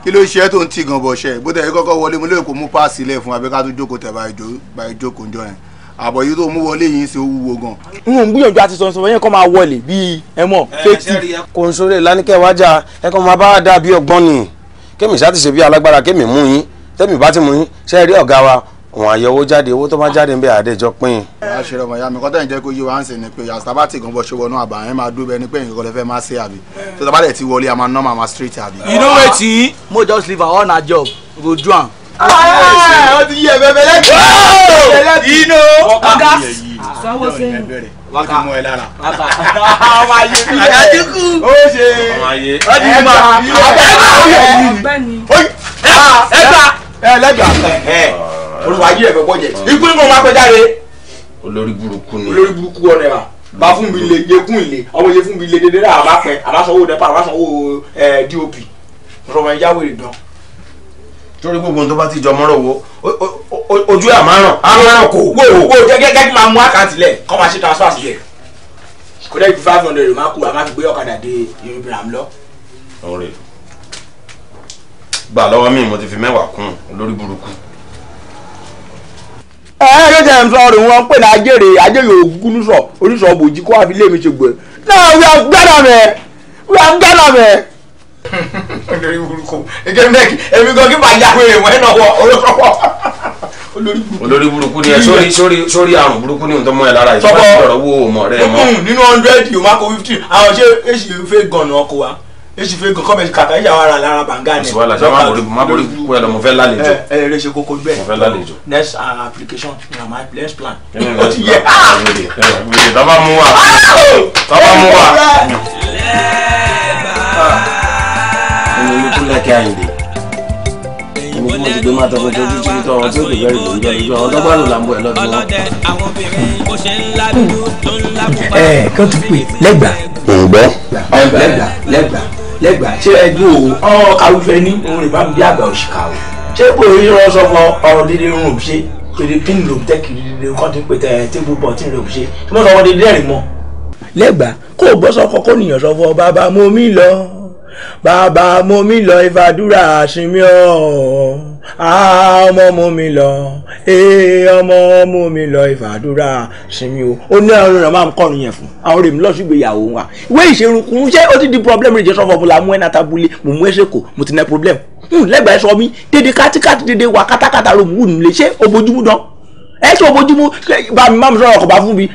kí ló ṣe é tó ń tì gan bọ̀ ṣe bó tẹ̀ yí kọ́kọ́ wọlé mo lè kó mú páàsì ilẹ̀ fún abẹ́ká tó jókòó tẹ̀ báyìí jókòó jọ yẹn àbọ̀ yìí tó mú wọlé yìí ṣe wúwo gan. n ò gbìyànjú àti sọ̀nsọ̀ yẹn kọ́ máa wọlé bíi ẹ̀mọ́ fẹ́tì. kò ń sọ̀rọ̀ ìlànà kẹwàá jà ẹ̀kọ́ máa bá dà bí ọgbọ́n ni kémi sá ti ṣe bí alágbára kémi mú yín tẹ́mi bá ti mú yín ṣe rí ọ̀gá wa wọn àyẹ̀wò jáde owó tó bá jáde ń bẹ àdéjọ pín. àṣírí ọmọ ìyá mi kọ́tà ìjẹ́ kó yí wa ń sìn ni pé àṣàbá tí gan bọ̀ ṣe wọnú àbá yẹn máa dúró ẹni pé nǹkan kan lè fẹ́ máa ṣe àbí tó tàbá dẹ̀ ti wọlé a máa ná màmá street àbí. you know wetin. mo just leave her on her job ah, ah, ah, go do am. ó ti yí ẹ̀fẹ́ fẹ́ lẹ́kọ̀ọ́ inú ọ̀gá sanwó sẹ́yìn waka ọmọ ẹ lára ọmọ ayé bí ẹ àdínkù ó ṣe ọmọ ayé ọdún yìí máa ẹgbà ẹgbà ẹgbà ẹlẹ́dọ̀ àfẹ́ olùwà yí ẹ̀fẹ́ bọ́jẹ̀ ikú ni mo máa pẹ́ jáde. olórí burúkú ni olórí burúkú ọ̀rẹ́ wa bá fún mi lè yekun ìlé ọmọ yẹ fún mi lè dédé náà àbá pẹ́ àbá sanwó dẹ́pà àbá sanwó dop rọmọ ẹja wèrè dán. torí gbogbo tó bá ti jọ mọ́rọ̀ wo ojú ẹ̀ máa ràn á máa ràn kó. wo wo gẹ́gẹ́ gẹ́gẹ́ máa mú àkáǹtì lẹ̀ kọ́ máa ṣe transfer sílẹ̀ kó dẹ́ ju five hundred máa kú àmà fi gbé ọ̀kadà dé Yorùbá lọ. ọ̀rẹ́ gbà lọ́wọ́ mi mo ti fi mẹ́wàá kún lórí burúkú. ẹ ẹ ló jẹ́ ẹ̀mí sọ̀rọ̀ wọn pè ní ajẹ́rè ajẹ́rè ògúnú sọ bòjì kó àfi lé ṣe gbé náà wíwá gbẹ́nà mẹ́ wíwá gbẹ́nà mẹ́. olórí burúkú ẹgbẹ́ mẹ́kì èmi gan kí màá yàwé ìwọ ẹ̀ náà wọ olóṣọ́pọ̀. olórí burúkú ni ẹ sórí sórí sórí àrùn burúkú ni nǹkan ẹ lára ìfọwọ́sọ̀rọ̀ wo mọ̀ rẹ mọ́. nínú hundred yóò má kó fifty àwọn ṣé èsì fẹ́ gan-an ọkọ̀ wa èsì fẹ́ kọ́kọ́ mẹ́rin kàkà ìyá wa ra lára bàǹgà ni. àṣìwá làṣà máa borí máa borí pé ọ̀la mo fẹ́ lálejò. ẹ ẹ ṣe kókó bẹ́ẹ̀ mo fẹ́ lálejò. next uh, application na my next plan. ó ti yẹ. Ah! wèrè tábà mú wa ah! tábà mú wa. ọmọ yìí kún lẹ́kẹ́ àyìnlé ẹni tí ti gbé máa tọkọ tó títí tó ọ̀rọ̀ tó lè bẹ̀rẹ̀ lórí bẹ́ẹ̀ lórí ọ̀rọ̀ dọ́gbà ló là ń bọ̀ ẹ̀ lọ́dún wọn. ẹ kí wọ́n pè lẹ́gbàá. ǹgbẹ́ lẹ́gbàá lẹ́gbàá lẹ́gbàá ṣé ẹdún o ọ kàwífẹ́ ní òun ìbá mi bí àgbà òṣìkà o ṣé kò rí ọ sọ fún ọ̀rọ̀ dídí irun òbí ṣe kiri pin lòm tẹ́ kiri kọ́ ti pété tébù bọ̀ tí lòm ṣe tí mo sọ wọn dídí ẹ̀rìn mọ́. lẹ́gbàá kó o bọ́ sọ́kọ kó nìyàn sọ fún ọ bàbá mo mi lọ bàbá mo mi lọ ìfàdúrà àṣìmí ọmọ mú mi lọ ọmọ mú mi lọ ìfàdúrà sinmi o ó ní àwọn èèyàn máa ń kọrin yẹn fún àwọn rèmí lọ́sùgbéyàwó wa ìwé ìṣerúkú ṣé ó ti di problem rèjẹ́ sọ́fọ̀ mo la mú ẹ̀nà tabule mo mú ẹ̀ṣẹ̀ kò mo ti ná problem lẹ́gbẹ̀ẹ́ sọ mi dédé kátíkátí dédé wa kátákátá ló mú un lè ṣe obojúmú dán ẹ ṣe obojúmú bá mi má mi sọ̀rọ̀ ọkọ̀ bá fún mi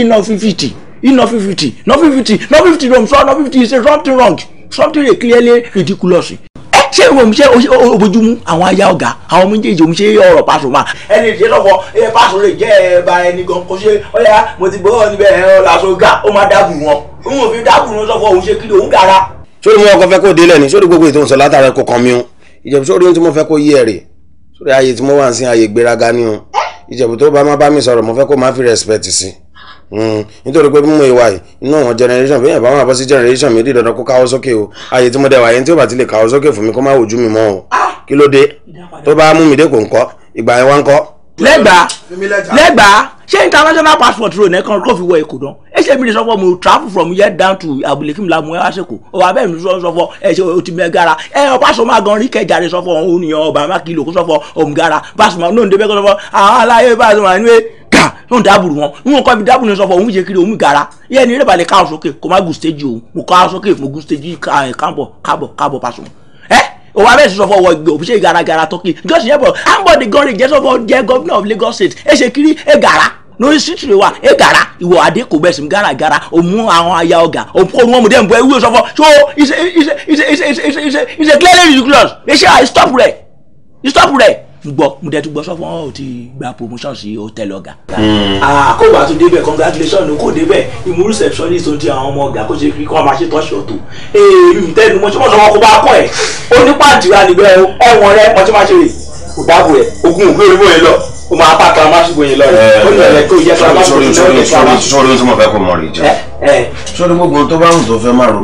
iná fífìtì iná fífìtì iná fífìtì iná fífìtì ló ń sọ iná fífìtì is something wrong something clearly ridiculous ṣé òun ṣe òbójúmú àwọn aya ọ̀gá àwọn méjèèjì òun ṣe ọ̀rọ̀ Pasuma. ẹni ìṣe lọ́kọ̀ ẹ Pasu lè jẹ́ ẹ ba ẹni gan kó ṣe ọ̀yà mo ti gbọ́ níbẹ̀ ẹ ọ̀làṣọ gà ó máa dábù wọn òun ò fi dábù wọn sọ́fọ̀ òun ṣe kílò òun gara. sórí mo kàn fẹ́ kó délẹ̀ ni sórí gbogbo ìtòǹsọ̀ látara ẹ̀kọ́ kan mi o ìjẹ̀bù sórí ohun tí mo fẹ́ kó yé ẹ̀rẹ̀ sórí ayé tí mo wà ń sin ayé gbéraga ni o ìjẹ̀bù tó bá má bá mi sọ̀rọ̀ mo fẹ́ kó má fi respect sí i Hmm. nítorí pé mímú ìwà yìí inú àwọn generation bí yẹn bá wọn àbọ̀ sí generation mi rí dandan kó káwọ́ sókè o ààyè tí mo dẹ̀ wà yẹn tí ó bá ti lè káwọ́ sókè fún mi kó má wojú mi mọ́ o ah! kí ló dé tó bá mú mi dé kò ń kọ́ ìgbà yẹn wá ń kọ́. lẹ́gbàá lẹ́gbàá ṣé international passport ro nìkan kó fi wọ èkó dán ẹ ṣe mi lè sọ fún mo travel from here down to abúlé kí mi la mú ẹ wá sèkó ọba bẹ́ẹ̀ mi sọ sọ fún ẹ ṣe o ti mẹ gara ẹ ọ Pasuma gan rí kẹjáde sọ fún òun nìyẹn ọba mákìlò kó sọ fún òun gara Pasuma náà ń débẹ́ kó sọ fún àwọn aláyé Pasuma níwèé gà lóun dábùrù wọn níwọ̀n kọ́ ibi dábùrù sọ fọ òun ṣe kiri òun gara yẹ ni rẹ́bàlẹ̀ káwọn sókè kò má gùn stage òun mo káwọn sókè mo gùn stage káàbọ̀ káàbọ̀ káàbọ̀ pàṣọ ẹ òun abẹ́ sọ fọ wọ ìgbẹ́ òfìṣẹ́ garagara tọ́kì gọ́ọ̀sì yẹ bọ̀ ambọ̀dì gọ́ọ̀rì jẹ́ sọ fọ jẹ́ gọ́ọ̀nà of Lagos State ẹ ṣe kiri ẹ gara lórí sítìrì wa ẹ gara ìwọ adé kò bẹ̀sìn garagara òmú àwọn aya ọ̀gá òmú ọmọdé ń bọ ewúro sọ fọ so it's a it's a it's a it's a it's a clearly ridiculous ẹ ṣe à stop rẹ stop rẹ gbọ́ mo dẹ̀ tún gbọ́ sọ́fún ọ̀ ti gba promotion sí hotel ọ̀gá. àkóbá hmm. ah, tó débẹ̀ congratulation kò débẹ̀ ìmú receptionist ti àwọn ọmọ ọ̀gá kó ṣe fi kí wọ́n máa ṣe tọ́ṣì ọ̀tọ̀ èèyàn tẹ́lu mo ṣe mọ̀ sọ́wọ́ kó bá kọ́ ẹ̀ ó ní pàǹtí wa níbẹ̀ ọ̀wọ́n rẹ mo ti máa ṣe rè kò dáàbò ẹ̀ ogun ògbé orí bóyá lọ o máa bá karamasigo yẹn lọ rẹ eh, o nílẹ̀ tó yẹ karamasigo yẹn lọ rẹ sọrí sọrí tí mo fẹ́ kó mọ rè jẹ eh, eh. sọrí gbogbo tó bá wù tó fẹ́ máa rò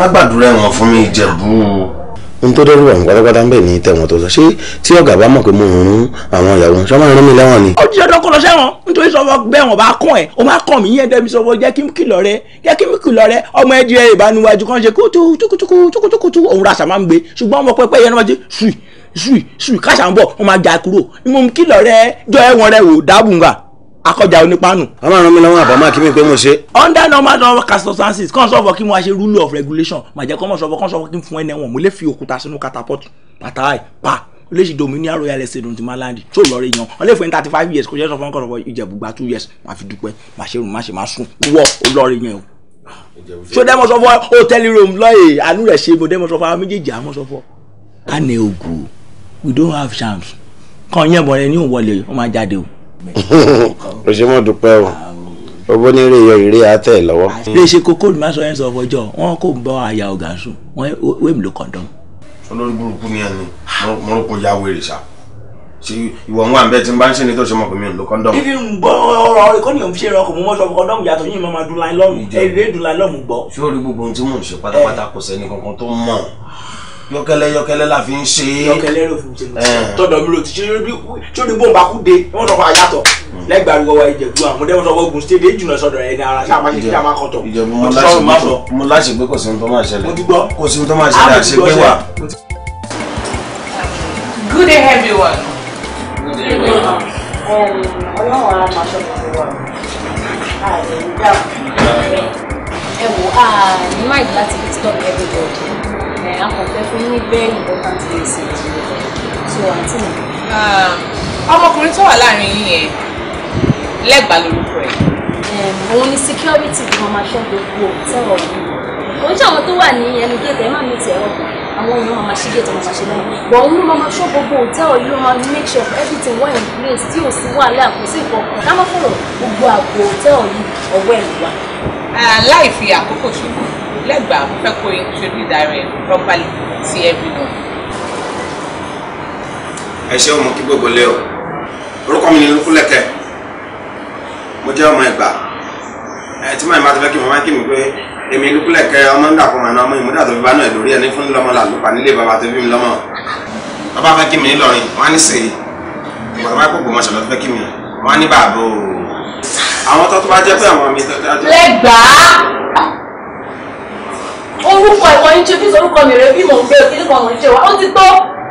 má gbàdúrà ẹ̀wọ̀n fún mi Ìjẹ̀bú n tó dẹ́rù àwọn pátápátá ń bẹ̀ ní tó sọ ṣé tí ọ̀gá bá mọ̀ pé mo rún àwọn ìyàwó ṣé wọ́n rán mi lẹ́wọ̀n ni. ó jíjẹ́ dọ́kọ̀ lọ sẹ́wọ̀n nítorí sọ́wọ́ bẹ́ẹ̀ wọ́n bá kàn ẹ́ o máa kàn mí yẹn dẹ́mi sọ́wọ́ jẹ́ kí n kìlọ̀ rẹ jẹ́ kí n kìlọ̀ rẹ ọmọ ẹ̀ ìbánuwájú kan ṣe kútu tukutuku tukutuku òun ra sàmá ń gbé ṣùgbọ́n ọmọ pẹ́pẹ́ yẹn ló máa ti sùì akọjà onípanu. a máa ràn mí lọ́wọ́ àbá máa kí mi pé mo ṣe. under normal normal circumstances kàn sọ̀fọ̀ kí mo wá ṣe rule of regulation màjẹ́ kọ́ mọ̀ sọ̀fọ̀ kàn sọ̀fọ̀ kí n fún ẹni ẹ̀wọ̀n mo lè fi òkúta sínú catapult pàtàkì pa olóṣì dominion royal estate ohun ti máa láǹdì tó lọ rí yan wọn lè fún ẹni thirty five years kò ṣe é sọ fún ọkọ ọkọ ìjẹ̀bù gba two years máa fi dúpẹ́ máa ṣe rùn máa ṣe máa sùn wọ olórí yan o. so dẹ́mọ̀ sọ fún hotel room lọ́yẹ̀ àánú rẹ̀ ṣe mo dẹ́mọ̀ sọ fún àwọn méjèèjì àmọ́ sọ fún. a ní ogun we don't have chance kàn yẹn bọ̀ rẹ ní òwọlé ó máa jáde o. o ṣe mọ dúpẹ́ o owó ní eré ìrè àtẹ lọ́wọ́. lè ṣe kókó ní máa sọ yẹn sọ fọjọ wọn kò bọ àyà ọgá sùn wọn wéèmù ló kàn dán. olórí burúkú ni ẹni mo rò pé ya wèrè sá ṣe ìwọ ń wà bẹ́ẹ̀ tí n bá ń ṣe ni tó ṣe mọ̀ pé mi ò lo kọ́ńdọ̀mù. fífi ń gbọ́ ọ̀rọ̀ ìkọ́ni òun ṣe rọ kò mú mọ́ sọ kọ́ńdọ̀mù yàtọ̀ yìí máa dùn láì lọ́mù ẹ̀rẹ́ dùn láì lọ́mù gbọ́. sórí gbogbo ohun tí mò ń ṣe pátápátá kò sẹ́ni kankan tó mọ̀ yọkẹlẹ yọkẹlẹ la fi ń ṣe é. yọkẹlẹ ló fi ń ṣe tọdọ mi ló ti ṣe é tí ó ní bóun bá kú de wọn sọ fún ayatọ hmm. lẹgbàá arúgbó wa ìjẹ̀bú àwọn ọmọdé wọn sọ fún ogun stéde jùlọ sọ́dọ̀ ẹ ní ara ṣáà máa ṣe kí a máa kọtọ. ìjẹ̀bú mo láṣẹ pé kò sí ohun tó máa ṣẹlẹ̀ kò sí ohun tó máa ṣẹlẹ̀ àṣẹ pé wà. good day everyone. Um, ọlọ́run ara máa ṣọ́kùnrin wa ààrẹ ń dà ẹ wò á ní máìlì láti disturb everybody àkànfẹ́ fún ní very important message so àǹtí mi. Um, ọmọkùnrin tó wà láàrin yín yẹn lẹ́gbàá lórúkọ ẹ̀. òun ni security kan máa ṣọ́ gbogbo tẹ́wọ̀ mi òun jẹ́ àwọn tó wà ní ẹnu gẹ́gẹ́ má mi tẹ̀ ọ́ àwọn èèyàn máa ma ṣe gẹ́gẹ́ máa ma ṣe lẹ́yìn but òun ló máa ma ṣọ́ gbogbo hòtẹ́ẹ̀lì ló máa make sure everything well in place tí ò sí wàhálà kò sí ìfọkàn ká má fọ̀rọ̀ gbogbo àgbo hòtẹ́ẹ̀lì ọ̀wẹ́ ìwà. láì fi àkókò ṣòfò let Bapeko introduce Darren properly to everyone. Ẹ ṣé ọmọ kí gbogbo lé o, orúkọ mi ni Lúkúlẹ̀kẹ́, mo jẹ́ ọmọ Ẹ̀gbá, ẹ tí màá bá ti fẹ́ kí màmá kí mi pé èmi Lúkúlẹ̀kẹ́ ọmọ ń dàpọ̀ màná ọmọ ìmúdà tó fi bá náà lórí ẹni fún lọ́mọ làlùpà nílé bàbá tó bí mi lọ́mọ. Bàbá fẹ́ kí mi nílọrin, wọ́n á ní sèé, ìgbà tó bá gbogbo mọ̀ṣẹ̀ lọ́ fẹ́ kí mi, wọ́n á ní bàbá o. Àwọn tó tó bá jẹ́ pé àwọn mi tó tó bá jẹ́ pé orúkọ ìwọ yín ṣe bí orúkọ mi rẹ bí mò ń gbé òkè nípa mò ń ṣe wa ó ti tó.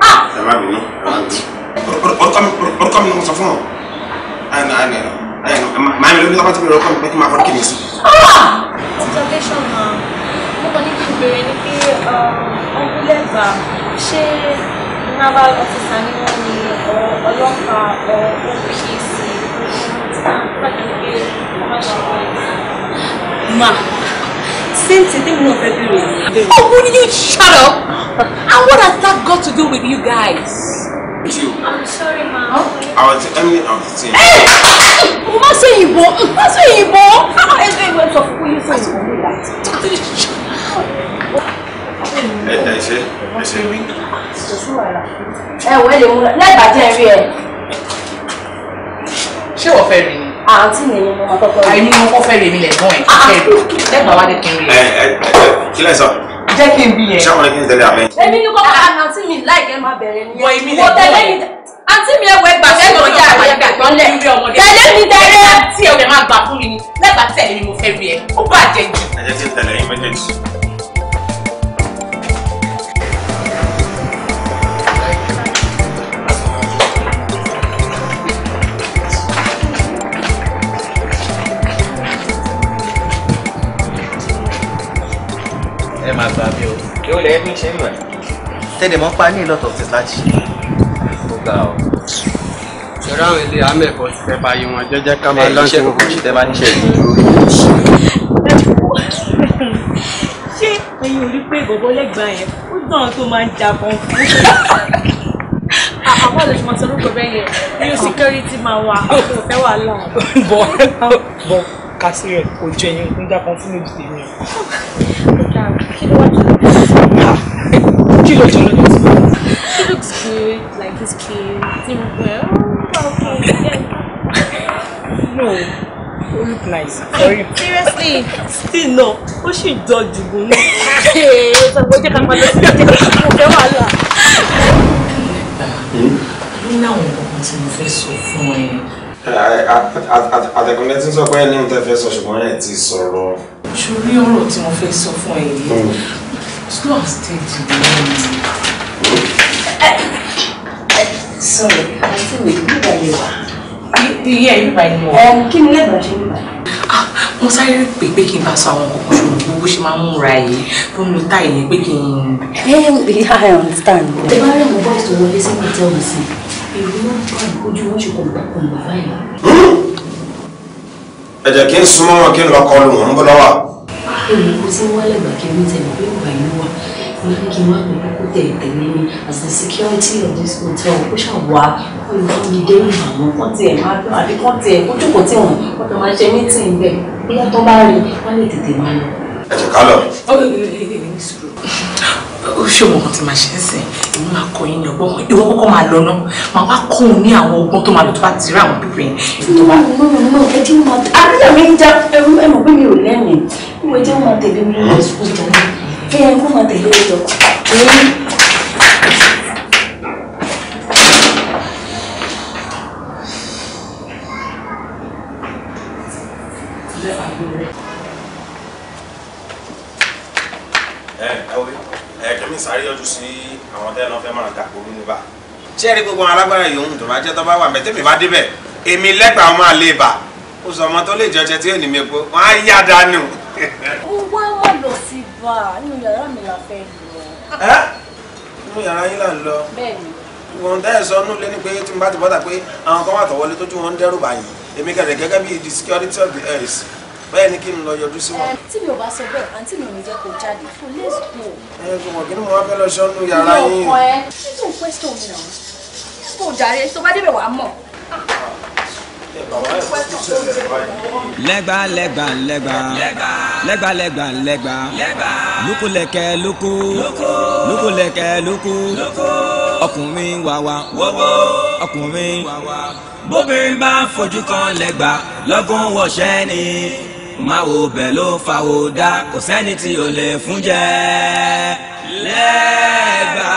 Ah! ẹ má bínú ẹ má bínú orúkọ mi ni mo sọ fún ọ àìnà àìnà àìnà màá mi lórí lọ́pàá tí mi rọ orúkọ mi pé kí n máa fọ́n kí mi sí. Ah! observation na mo kàn ní kí n béèrè ni pé ọkùnrin um, ẹgbà ṣé naval officer ni wọ́n ní ọlọ́pàá OPC ma same thing they will not everywhere. Oh, oh, will you shut up? and what has that got to do with you guys? You. I'm sorry, ma'am. Huh? I was the enemy of the team. Hey! Má ṣe ìbò! Má ṣe ìbò! Ẹgbẹ́ ìwé sọ fún yín fún ìbò you láti. Ẹ ẹ ṣe ẹ ṣe rí. Ẹ wọ ẹ lè mú lẹ́gbàá jẹ́ rí ẹ. Ṣé wọ́n fẹ́ rí ni? àǹtí ni mo máa kọ́kọ́ rí. àìní mo kọ́ fẹ́ rèmi lẹ́gbọ́n ah, ah. ẹ̀ kẹ́kẹ́ rẹ̀ lẹ́gbàá wá dé kí n rí. ẹ ẹ kí lẹ sọ. jẹ́ kí n bí yẹn. ṣé àwọn ẹni kí n tẹ̀lé àmì. èmi ní kọ́kọ́ àǹtí mi láìpẹ́ máa bẹ̀rẹ̀ ni. wọ èmi lẹ́gbọ́n àǹtí mi ẹwọ ẹgbà fẹ́ lọ yá àwọn ẹgbà gbọ́n lẹ̀ tẹ̀lé mi tẹ̀lé. tí ẹ ò lè máa gbà fún mi lẹ́gbàá tẹ̀lé mi mo fẹ́ rí ẹ ó bàjẹ́ jù. ẹ tẹ̀lé yín méjèèjì. lẹ́yìn bí n ṣe ń mọ̀ tẹ́lẹ̀ mọ́ pa ní ìlọ́tọ̀ ọ̀fẹ́ láti ṣe ó ga ọ. ìṣòro àwọn ilé amẹ́kọ̀ọ́ ti fẹ́ bá yí wọn jẹ́jẹ́ ká máa lọ́sí wọn. ṣe tẹ́ bá ní ṣe ṣé ẹ̀yin ò rí pé bọ̀bọ̀ lẹ́gbàá yẹn ó dàn tó máa ń jagun fún àwọn olè ṣùgbọ́n torúkọ bẹ́ẹ̀ yẹn new security máa wà kò fẹ́ wà lọ́wọ́. bọ̀ bọ̀ kásìrẹ̀ kò jẹ́ yẹn ń dákan fún ìdílé yẹn. He looks good. She looks good, like his skin. Well, okay, yeah. No. You look nice. For you. Seriously. Still no. Ó ṣì dọ̀jú gan. Ee, ṣàgbọ́n jẹ́ ká máa lọ sí ìjẹ́ mo fẹ́ wàhálà. Nínú àwọn nǹkan tí mo fẹ́ sọ fún ẹ. Àtẹ̀kùnlé tí ń sọ pé ẹni tẹ́ fẹ́ sọ ṣùgbọ́n ẹ̀ ti sọ̀rọ̀. Ṣorí ọ̀rọ̀ tí mo fẹ́ sọ fún ẹ yìí. Hmm slow and steady. sorry I think we yẹn wà. Yeah, you yẹn wà. Um, ni lẹ́gbàá ṣe change. yẹn. mo sáré pè pé kí n bá sọ àwọn kòkòrò ṣòro bó ṣe máa ń múra yìí tó ń táì yẹn pé kí n. ẹ ẹ I understand. ẹ bá rẹ̀ mọ́ bọ́ọ̀sì tó wọlé sí hotel mi sí èrò náà bá ojú wọn ṣe kọ̀ọ̀kan bàbá yìí. ẹ jẹ́ kí n súnmọ́ wọn kí n lọ́ọ́ kọlu wọn ń bọ́ lọ́wọ́ èmi kò tí ń wálé ìgbà kí omi tẹ̀lé pé ìgbà yìí wà ní kí n má pè kókó tẹ̀lé tẹ̀lé ní as the security of this hotel kó ṣàwá kó lè fún mi dé ìbàmú kán tiẹ̀ má dùn àbí kán tiẹ̀ kójú kò tí wọn wọn tó máa ṣe mítìn bẹ́ẹ̀ bóyá tó bá rí wọn lè tètè máa lọ. ẹ jẹ́ ká lọ. ó ṣe òun kan ti máa ṣe é sìn èmi máa kọ yín ní ọgbọ́n kan ìwọ kọ́kọ́ máa lọ náà máa wá kọ́ òun ní àwọn ọgbọ́n tó máa lò tó bá ti rí àwọn pípẹ́ yẹn. mo mọ̀ mo mọ̀ ẹ mo jẹ́ wọn tẹ̀lé mi lọ sí ìjọ náà ẹ kó wọn tẹ̀lé mi lọ. sáré yọjú sí àwọn tẹ́lẹ̀ náà fẹ́ máa dàgbò nínú bá. ṣé ẹ rí gbogbo àwọn alágbára yòówù tó máa jẹ́ tó bá wà mẹ́tẹ́ mi bá débẹ̀ èmi lẹ́gbàá máa lè bà ó sọ ọmọ tó lè jọ jẹ tí yóò ní mi po wọ́n á yá dànù ó wá má lọ sí bá a yàrá mi la fẹ́ lọ. ẹ nínú yàrá yín là ń lọ. bẹ́ẹ̀ni. wọn dẹ́yìn sọ nínú ilé ni pé tí mo bá ti bọ́ta pé àwọn kan wà tó wọlé tójú wọn ń dẹ́rù báyìí èmi kẹ̀dẹ̀ gẹ́gẹ́ bí the security of the earth bẹ́ẹ̀ ni kí n lọ yọjú sí wọn. tí mi ò bá sọ bẹ́ẹ̀ àǹtí mi ò ní jẹ́ kó jáde fún let's go. ẹ gbọ́dọ̀ kí ni mo wá fẹ́ lọ sọ nínú yàrá yín. mi ò kọ ẹ nínú question mi náà kò jàre tó bá lẹ́gbà lẹ́gbà lẹ́gbà lẹ́gbà lẹ́gbà lẹ́gbà lókòlẹ́kẹ́ lóko lókòlẹ́kẹ́ lóko ọkùnrin wàwà ọkùnrin wàwà bóbìnrin bá fojú kan lẹ́gbà lọ́gùn wọ̀ṣẹ́ ni máa wo bẹ̀ ló fa wo dá kò sẹ́ni tí o lè fún jẹ lẹ́gbà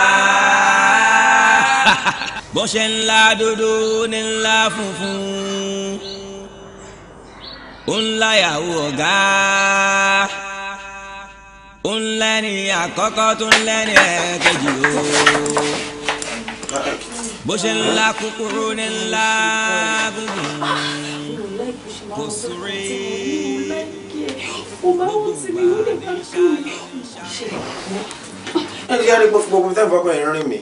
bó ṣe ńlá dúdú ní ńlá funfun ó ń láyàwó ọ̀gá ó ń lẹ́ni àkọ́kọ́ tó ń lẹ́ni ẹ̀ẹ́kejì o bó ṣe ńlá kúkúrú ní ńlá gúngùn kò sórí. ẹ ti yára gbọ́ fún gbogbo tí wọ́n fọkàn ẹ̀ rìn mí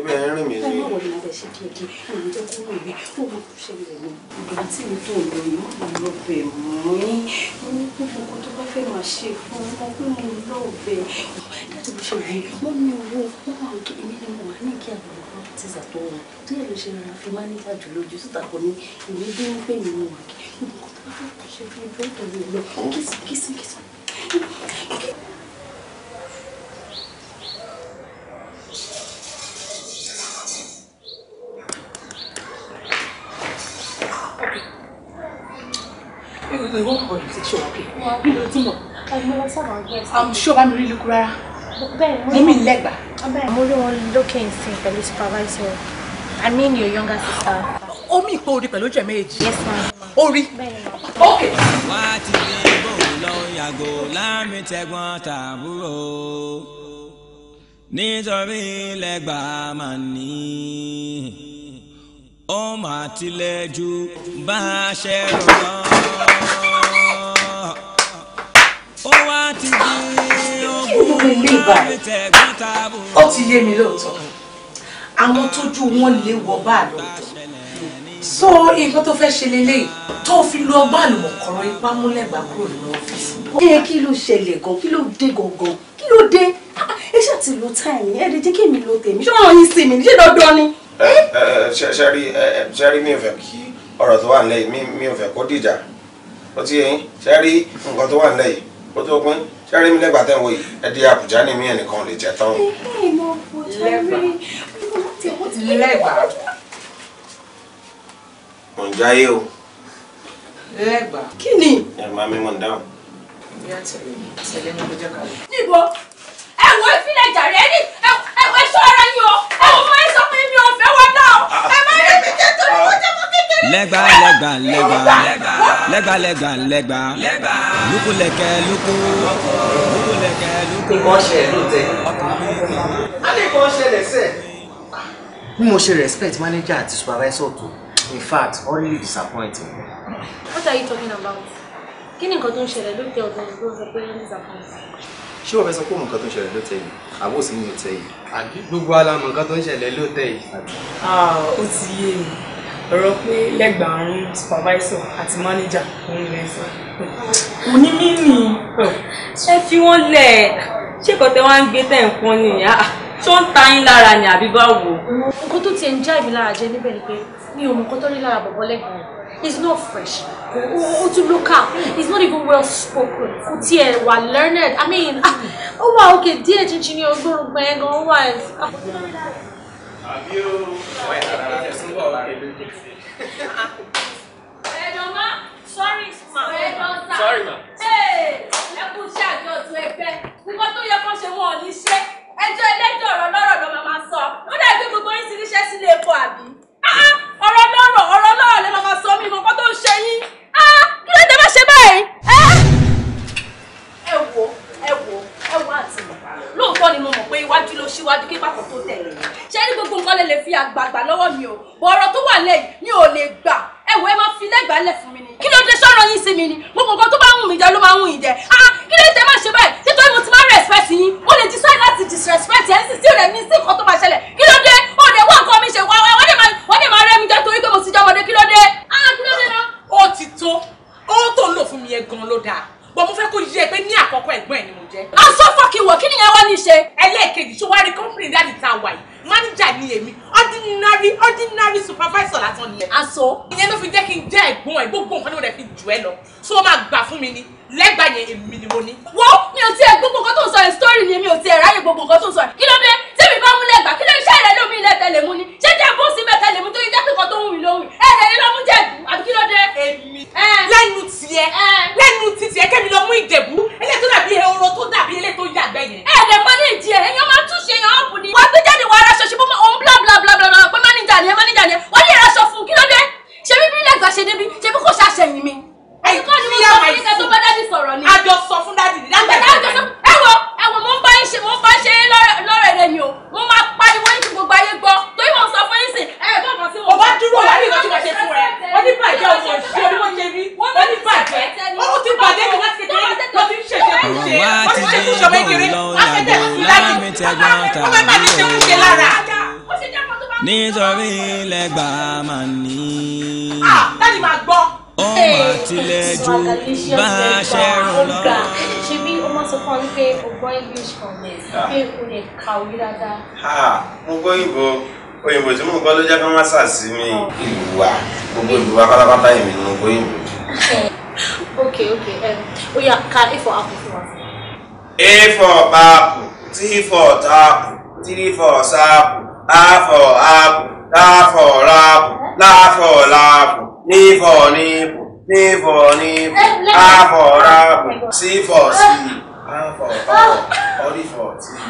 ibẹ̀ ń rìn mí ní. báyọ̀ wọlé mo fẹ́ ṣe kéèké òun jẹ́ kó rìn mí ó mọ tó ṣẹlẹ̀ ní ìgbà tí mi tó lọ yìí mo mọ́ yín mo ní kó tó bá fẹ́ máa ṣe fún ọmọ pé mo lọ bẹ̀ láti bó ṣe rẹ̀ wọ́n ní owó wọ́n máa tó èmi ni mo wà ní ìkí àgbẹ̀ ti ṣàtọ̀wọ̀ díẹ̀ ló ṣe rárá fi máníjà jù lójú síta kò ní ìwé bí wọ́n pè mí mo wà kí gbogbo tó bá fẹ́ we won't worry ti ṣe wọ́pẹ́ mi ló dínà i'm sure bá mi rí lukú rárá èmi lẹ́gbàá. mo rí wọn lókè nsìn pẹ̀lú supervisor i mean your younger sister. ó mì pé orí pẹ̀lú jẹ̀ méjì. yes ma. orí. ok. wá ti lè bò lọ yàgò láàrin tẹ̀gbọ́n tàbúrò nítorí lẹ́gbàá máa ní ó mà tilẹ̀ ju bá a ṣe rọ̀ lọ kí ni mo lè báyìí ó ti yé mi lóòótọ́ àwọn tójú wọn lè wọ báàlù ọ̀dọ́ so nǹkan tó fẹ́ ṣe leléyìí tó fi lu ọgbà àlùmọ̀kọ́rọ́ ipá múlẹ̀gbà kúrò nínú ọ́fíìsì. ẹ kí ló ṣẹlẹ̀ gan kí ló dé gangan kí ló dé ah, ah, ẹ ṣáà ti lo táìmì ẹ lè jẹ́ kí èmi lo tèmi ṣé wọ́n yín sí mi ṣé dandan ni. Eh, eh? eh, ṣẹ́rí ṣẹ́rí mi ò fẹ́ kí ọ̀rọ̀ tó wà nílẹ̀ mi ò fẹ́ kó dìjà ó ti yẹ yín ṣẹ́rí nǹkan tó wà nílẹ̀ yìí ó tó pín ṣẹ́rí mi lẹ́gbàá tẹ̀ ń wò yìí ẹ̀dí àbújá ni mí ẹnìkan lè jẹ́ tán. mò ń jáyé o. lẹ́gbàá. kí ni. ẹ máa mi mọ̀ ń dáhùn. ìyá tẹ̀lé mi tẹ̀lé mi kó jẹ́ ká lọ. níbo ẹ wo ìfilẹ̀ jàre ẹ ní ẹ sọ ara yín o ẹ wọ́n máa ń sọ pé mi ò fẹ́ wọ́n dá ah, ah. ẹ máa ń rí mi jẹ́ torí wọ́n jẹ́ mọ́ lẹ́gbà lẹ́gbà lẹ́gbà lẹ́gbà lẹ́gbà lẹ́gbà lukú lẹ́kẹ́ lukú lukú lẹ́kẹ́ lukú. nǹkan ṣẹlẹ̀ ló tẹ. a lè kọ́ ṣẹlẹ̀ sẹ́ẹ̀. bí mo ṣe respect manager àti supervisor tó in fact only disappointing. what are you talking about? kí ni nǹkan tó ń ṣẹlẹ̀ ló tẹ ọ̀dọ̀ sọ pé disappointing? ṣé o fẹ́ sọ pé òun nǹkan tó ń ṣẹlẹ̀ ló tẹ yìí àbó sì ní ló tẹ yìí. àbí gbogbo alamọ̀ nǹkan tó ń ṣẹlẹ̀ ló tẹ yìí. Ah, ó ti yé mi ọ̀rọ̀ pé lẹ́gbàárún supervisor àti manager òun lẹ́ sọ. kò ní mí nì ẹ fi wọ́n lẹ̀ ṣé kò tẹ́ wá ń gbé tẹ̀ ń pọ́n nìyí tó ah, ah, ń ta yín lára ni àbí báwo. nǹkan tó tiẹ̀ ń já ìmí lára jẹ níbẹ̀ ni pé mi ò mọ nǹkan tó rí lára bọ̀bọ̀ lẹ́gbẹ̀ẹ́ it's not fresh ó tún local it's not even well spoken kò tiẹ̀ wà learned i mean ah, ó wà òkè díẹ̀ chinchin ní ọgbọ́n gbẹ̀ngàn ó wà àbí o wọ́n yà rárá ẹ̀ tún hey, wá rẹ̀ lójú ẹsẹ̀. ẹ̀dọ̀ má sọ́rí ma ẹ̀dọ̀ sá sọ́rí ma. hey, kú iṣẹ́ àjọ ọ̀tún ẹgbẹ́ nǹkan tó yẹ kó ṣe wọn ò ní ṣe ẹjọ́ ẹlẹ́jọ́ ọ̀rọ̀ lọ́rọ̀ ló máa sọ ó dà bí gbogbo yín ti ríṣẹ́ sílé epo àbí. Ah, ah, ọ̀rọ̀ lọ́rọ̀ ọ̀rọ̀ lọ́rọ̀ lè máa sọ mí nǹkan tó ń ṣe yín ah, kí ló dé má ṣe báyìí. Eh, eh. ẹ wo ẹ wo ẹ wo àǹtí mi lóòótọ́ ni mo mọ̀ pé iwájú ló ṣíwájú kí pápọ̀ tó tẹ̀lé ṣé ní gbogbo nǹkan lè lè fi àgbààgbà lọ́wọ́ mi o bọ̀rọ̀ tó wà lẹ́yìn mi ò lè gbà ẹ wo ẹ máa fi lẹ́gbàá lẹ̀ fún mi ni kí ló dé sọ́rọ̀ yín sí mi ni gbogbo nǹkan tó bá wù mí jẹ ló máa wù yín jẹ ah kí ló dé má ṣe báyìí nítorí mo ti máa respect yín ó lè decide láti disrespect ẹ̀ sì sí rẹ̀ ní sí nǹkan tó máa ṣẹlẹ̀ kí ló dé ó lè wá nǹkan mi ṣe wá wá wọ́n lè máa rẹ́ mi jẹ torí pé mo ti jọmọdé kí ló dé ah kí ló dé náà. ó ti tó ó tó ń lò fún mi yẹn gan ló dáa bọ́ mo fẹ́ kó yẹ pé ní àkọ́kọ́ ẹ̀gbọ́n ẹ̀ ni mo jẹ́. aṣọ fọkì wọ kí ni ìyẹn wá ní ṣe. ẹlẹ́ẹ̀kejì ṣó wáá rí company dáàdì tá a wà yìí mánéjà ni èmi ordinary ordinary supervisor lásán ni ẹ. aṣọ ìyẹn ló fi jẹ́ kí n jẹ́ ẹ̀gbọ́n ẹ̀ gbogbo nǹkan ló rẹ̀ fi jù ẹ lọ so ó máa gbà fún mi ni lẹ́gbàá yẹn èmi ni mo ní. wo mi ò tiẹ̀ gbogbo nǹkan tó ń sọ yẹn story ni mi ò tiẹ̀ ráyè gbogbo nǹkan tó ń sọ yẹn kí ló dé tí mi bá mú lẹ́gbàá kí ló ṣe ẹ̀rẹ́ lómi ilẹ̀ tẹ̀lé mu ni ṣé jẹ́ bó sí bẹ́ẹ̀ tẹ̀lé mu tó yẹ jẹ́ kíkan tó ń wìn lóhùn ẹ̀rẹ́ yìí ló mú jẹ̀bú àbí kí ló dé. èmi lẹ́nu tiẹ̀ lẹ́nu ti tiẹ̀ kẹ́mi lọ mú ìjẹ̀bú eléyìí tó dàbí ehoro tó dàbí eléyìí tó yàgbẹ́ yẹn. ẹ̀ẹ́dẹ̀ mọ́nìjì ẹ̀ èèyàn máa túnṣe èèyàn ọ̀bù ni. wọ́n gbé jáde wọ aráṣọ ṣe fún òun bla bla bla bla pé mọ́nìjà ni ẹ mọ́nìjà ni ẹ wọ́n ní ìraṣọ fún kí ló dé ṣe bí bí lẹ́gbàá ṣe débi ṣe bí kò ṣàṣẹyìn mi ẹ clear my phone àjọ sọ fún dáàdì ní dáàdì àjọ ẹ wo ẹ wo mo ń bá ṣe mo ń bá ṣe lọ́rọ̀ rẹ̀ ni o mo máa pariwo yín gbogbo ayé gbọ́ torí mo sọ fún yín sìn ẹ kọ́ kan sí wọn. ọba dúró wà ní tí wọ́n ṣe fún rẹ wọ́n bàjẹ́ ọmọ ìṣe orí wọ́n ṣe rí wọ́n bàjẹ́ ó ti bàjẹ́ mi láti kékeré wọ́n ti ṣe ṣe fún ṣe wọ́n ṣe fún ṣọmọ ìkéré afẹ́tẹ̀ fún nítorí ilẹ̀ máa ní. Ah, dáàdì máa gbọ́ ọmọ àtìlẹ́jọ bá a ṣe ràn lọ. ṣe bí o máa sọ fún ọ wípé o gbọ́ english kan ah. pé o lè kàwé dáadáa. Ah, mo gbọ́ ìbò òyìnbó tí mo gbọ́ ló jẹ́ kí má sàsí mi oh. ìlú wa gbogbo ìlú wa pátápátá èmi mo gbọ́ ìbò. ok ok um, ó yá ká a for apple fún wa. a for apple t for tapu t for sapu a for apple ta for rapu la for lapu ní for nípò ní for nípò a for apple c for c a for apple orí for t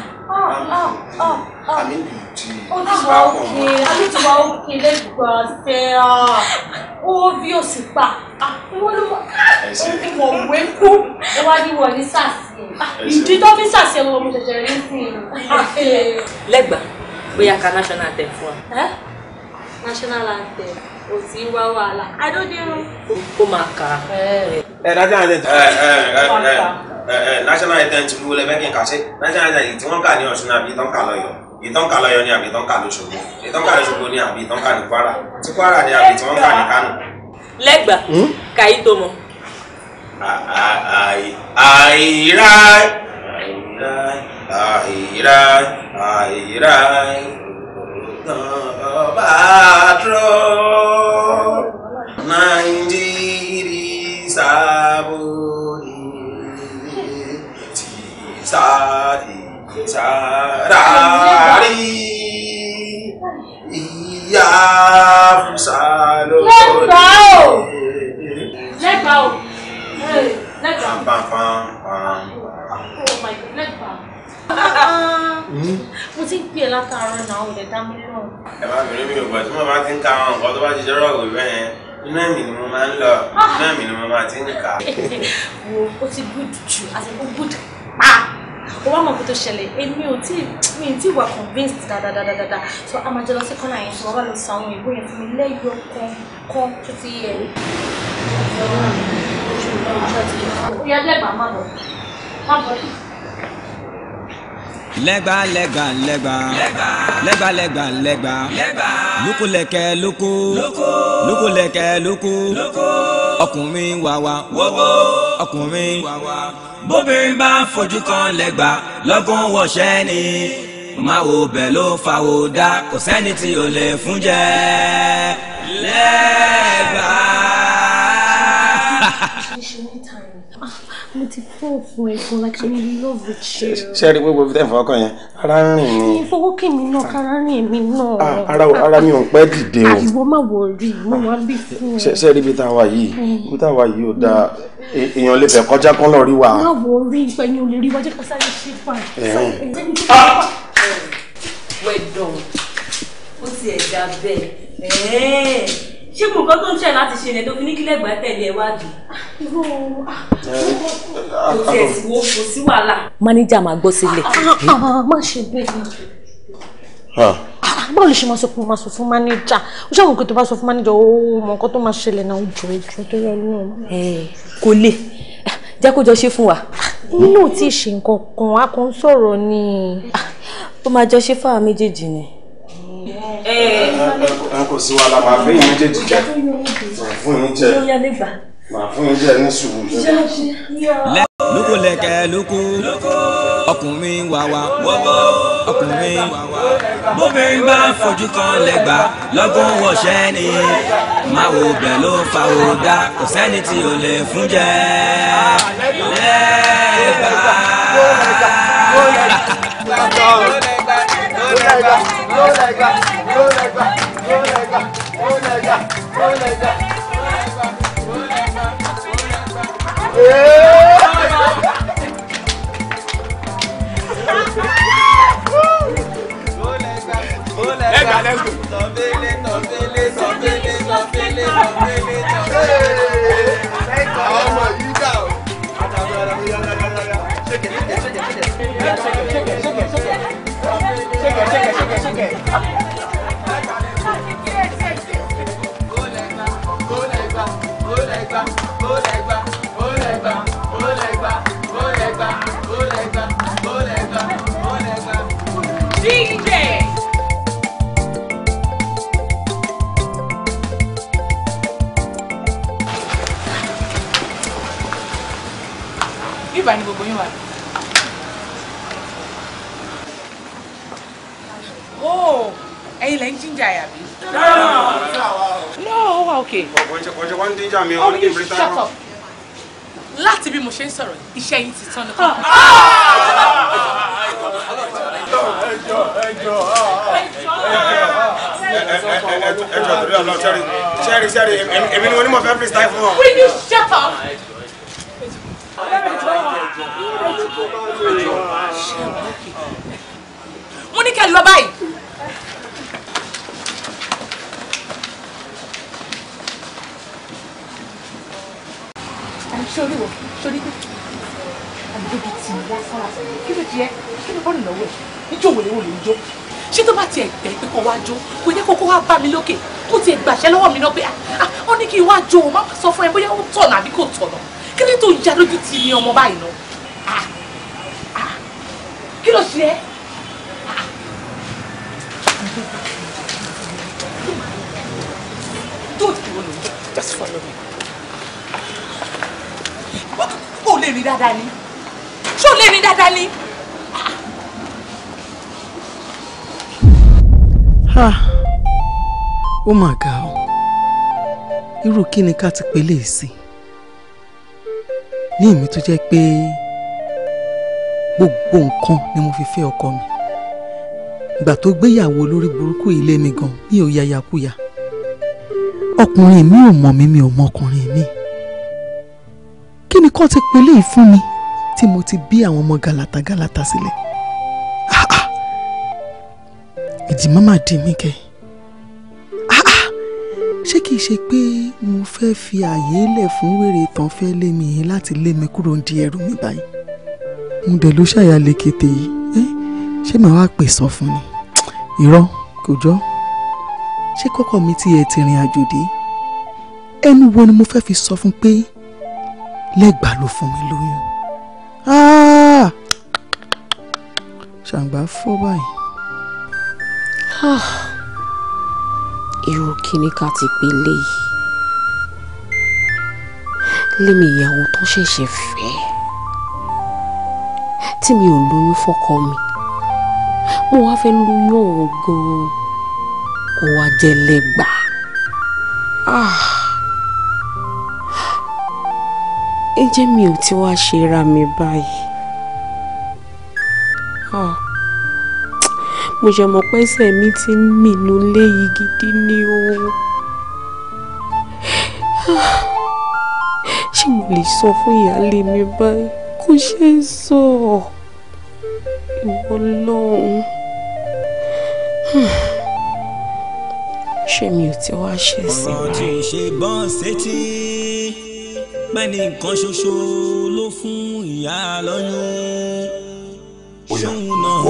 àmì bì tí bá pọ̀ mọ́. àmì tí wàá òkè lẹ́gbọ̀n ṣe owó bí òsì pa wọ́n ló wọ̀ wé kú ìwádìí wọ̀ ní sàṣẹ ìdí tó fi sàṣẹ wọn mo ṣẹ̀ṣẹ̀ rí sí i. lẹ́gbàá bóyá ká national anthem fún wa. national anthem kò sí wá wàhálà adódérun. ó máa kà á. ẹ dájú àwọn ẹ̀dẹ̀ tó. national anthem ti wúlẹ̀ bẹ́ẹ̀ kí n kà sí national anthem ìtí wọ́n kà ní Ọ̀ṣun ní àbí ìtàn kà lọ́yọ̀ọ́ ìtàn kà lọ́yọ̀ọ́ ní àbí ìtàn kà lóṣogbo ìtàn kà lóṣogbo ní àbí ìtàn kà ní Kwara tí Kwara ní àbí tí wọ́n kà ní Kánò. lẹ́gbà kàyí tó mọ. àìráì àìráì àìráì àìráì tàn ọba àdúrà nàìjíríà sábò ní ti sáàdì sáàdàrí ìyá fúsàlò. go. o lẹ́gbàá o lẹ́gbàá. pam pam pam pam. oh my god go. mo ti ń pè látàárọ̀ náà ò lè dá mi lóhùn. ẹ má bínú mi ò gbọ́ tí ni mo máa ń lọ inú ẹ̀mí wo ó good jù àti good pa ó wá mọ̀ pé tó ṣẹlẹ̀ èmi ò tí mi ò tí wà convinced dáadáa so a máa jẹ lọ sí kọ́nà yẹn tí wọ́n bá lọ sọ àwọn ìwé yẹn fún mi lẹ́yọ kọ̀ọ̀kan tó ti yẹ. ó dẹ́gbàá má lọ má bọ̀ lẹ́gbà lẹ́gbà lẹ́gbà lẹ́gbà lẹ́gbà lẹ́gbà lukulẹ̀kẹ́ luku lukulẹ̀kẹ́ luku ọkùnrin wàwà ọkùnrin wàwà bóbìnrin bá fojú kan lẹ́gbà lọ́gùn wọ̀ṣẹ́ ni máwo bẹ̀ ló fa wo dá kò sẹ́ni tí ò lè fún jẹ́ lẹ́gbà. ti fọ́ ọ̀pọ̀ ẹ̀kọ́ like I'm in love with you. ṣé ẹ rí pé gbogbo ẹ̀fọ́ ọkàn yẹn ara ń rìn ni. ìfowókè mi náà kára rìn èmi náà. Ah, ara ara mi ò pẹ́ dìde o. àìwọ́ máa wọ̀ rí mo máa ń bí fún ẹ. ṣé ẹ rí ibi tá a wà yìí hmm. ibi tá a wà yìí ò dáa e, èèyàn lè fẹ́ kọjá kán lọ rí wa. máa wọ orí ìgbà yẹn ò lè rí wa jẹ́ ká sáré ṣe pa ah! wẹ́dọ̀n ó ti ẹ̀ dá bẹ́ẹ̀ ṣé mo nǹkan tó ń ṣe láti ṣe ni tó fi ní kílẹ̀ gbà tẹ̀lé ẹ wádìí. Ah, kò tiẹ̀ ah, ah. sí wo kò sí wàhálà. máníjà máa gbọ́ sílẹ̀. má ṣe bẹ́ẹ̀ báwo lè ṣe máa sọ fún máa sọ fún mánéjà ó ṣàwọn nǹkan tó bá sọ fún mánéjà ó mọ nǹkan tó máa ṣẹlẹ̀ náà jù jù tó yọ ní ọmọ. kò lè jẹ́ kó jọ ṣe fún wa. inú ò tí ì ṣe nǹkan kan a kò ń sọ̀rọ̀ ni. ó máa jọ ṣe fáwọn méjèèjì ni ẹ eh, luku. Eh, eh, sí wàhálà màá fún yín méjèèjì jẹ màá fún yín jẹ màá fún yín jẹ ní sùúrù. lóko lẹkẹ lóko ọkùnrin wàwà bóbìnrin bá fojú kan lẹ́gbà lọ́gùn wọ̀ṣẹ́ ni máa wo bẹ̀ ló fa wo kò sẹ́ni tí ò lè fún jẹ lẹ́ẹ̀bà like that, go like that, go like that, go like that, go like that, go like that. Let's go, let's go. 在一起唱的歌。ní ọmọ báyìí náà ah, ah, kí ló ṣe ah. Just follow me. Ó lè rí dáadáa ni. Ṣé ó lè rí dáadáa ni? Ha! Ó mà ga ọ́. Irú kí ni ká ti pèlè sí i? ní èmi tó jẹ́ pé gbogbo nǹkan ni mo fi fẹ́ ọkọ mi ìgbà tó gbéyàwó olórí burúkú ilé mi gan mi ò yàyàkuyà ọkùnrin mi ò mọ̀ mi mi ò mọ̀ ọkùnrin mi kí ni kò ti pelé yìí fún mi tí mo ti bí àwọn ọmọ gàlàtà gàlàtà sílẹ̀ ìdí má dì mí kẹ́yìn. Kìí ṣe pé Mo fẹ́ fi ààyè lẹ̀ fún wèrè tọ́ńfẹ́ mi yìí láti lémi kúrò ńdí ẹrù mi báyìí. Mo dẹ̀ ló ṣàyà lekete yìí. Ẹ́ ṣé màá wá pè sọ fún ni? Irọ́ kò jọ́. Ṣé kọ́kọ́ mi tiẹ̀ ti rìn àjò dé? Ẹnu wo ni mo fẹ́ fi sọ fún pé lẹ́gbàá ló fún mi lóyún? Ṣàǹgbá fọ́ báyìí. Ah! irú kíní ká ti pè léyìí lémi ìyàwó tó ṣẹ̀ṣẹ̀ fẹ́ tí mi ò lóyún fọ́kọ mi mo wá fẹ́ lóyún ọ̀hún gan-an kó wá jẹ́ lẹ́gbà ah! ẹ jẹ́ mi ò ti wá ṣe ra mi báyìí. mo ṣe mọ̀ pé ẹsẹ̀ mi ti ń mìnú léyìí gidi ni o ṣé mo lè sọ fún ìyáálé mi báyìí kò ṣe é sọ ìwọ lọ́hùn ṣé mi ò ti wá ṣe sí i. ọ̀rọ̀ tí ò ṣe gbọ́n sétí pẹ́ ní nǹkan ṣoṣo ló fún ìyá lọ́yún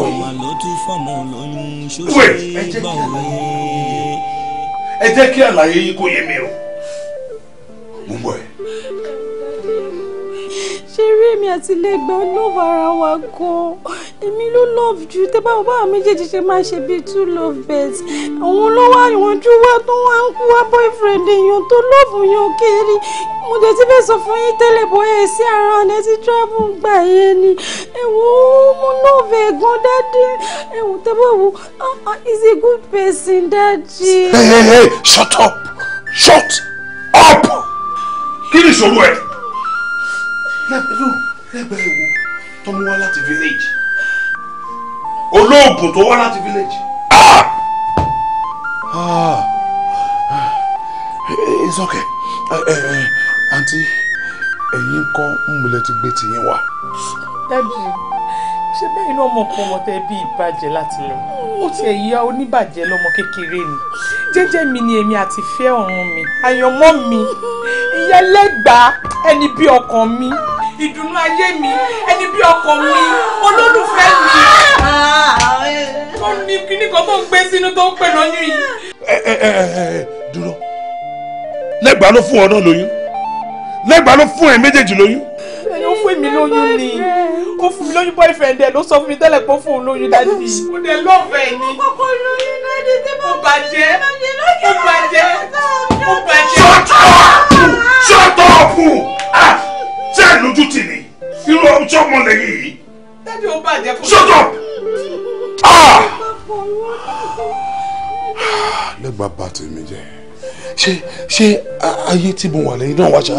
ọkọ yìí wait ẹ jẹ́ kí àlàyé yìí kó yé mi o mo ń bọ̀ rí èmi àti lẹ́gbẹ̀ẹ́ ló bára wa gan èmi ló love you tẹ báwo báwo méjèèjì ṣe máa ṣe bíi two love birds òun ló wá ìwọ̀njú wá tó wá ń kú wá boyfriend èèyàn tó love yàn kiri mo dé ti fẹ́ sọ fún yín tẹ́lẹ̀ bóyá sí ara ọ̀nà tí travel gbà yẹn ni ẹ̀wọ̀ mo love ẹ̀gbọ́n dáadé ẹ̀wọ̀ tẹ báwo is ah, ah, a good person dáadé. hey hey hey shut up shut up kí ni ìṣòro ẹ lẹ́gbẹ̀ẹ́ lẹ́gbẹ̀ẹ́ wo tọ́mú wá láti village olóògùn tó wá láti village. Ah, ah, it's okay àǹtí eh, eh, eh, ẹ̀yin kọ́ ńmùlẹ̀ ti gbé tìyín wá. dájú ṣé bẹ́ẹ̀ iná ọmọ kan wọ́n tẹ́ bí ìbàjẹ́ láti lọ ó ti ẹ̀yà oníbàjẹ́ lọ́mọ kékeré ni jẹ́jẹ́ mi ni èmi àti fẹ́ ọ̀run mi àyànmọ́ mi ìyẹlẹ́gbàá ẹni bí ọkàn mi ìdùnnú ayé mi ẹni bí ọkàn mi olólùfẹ́ mi tó ní kíní kan tó ń gbé sínú tó ń pè lóyún yìí. ẹ ẹ ẹ ẹ dúró lẹ́gbàá ló fún ọ náà lóyún lẹ́gbàá ló fún ẹ méjèèjì lóyún. ó fún mi lóyún ni ó fún mi lóyún boyfriend ẹ ló sọ fún mi tẹ́lẹ̀ pé ó fún òun lóyún dájú ni. ó dẹ lọ́fẹ̀ẹ́ ni ó bàjẹ́ ó bàjẹ́ ó bàjẹ́. ṣọ́tọ̀ ṣọ́tọ̀ ọ̀fun ṣé ẹ̀ lójú tì ní irú ọjọ́ mọ́lẹ̀ yìí. dájú ó bàjẹ́ kó. ṣọ́tọ̀. Ah! lẹ́gbàá bá tèmi jẹ́ ṣé ṣé ayé tí mo wà lẹ́yìn náà wá ṣá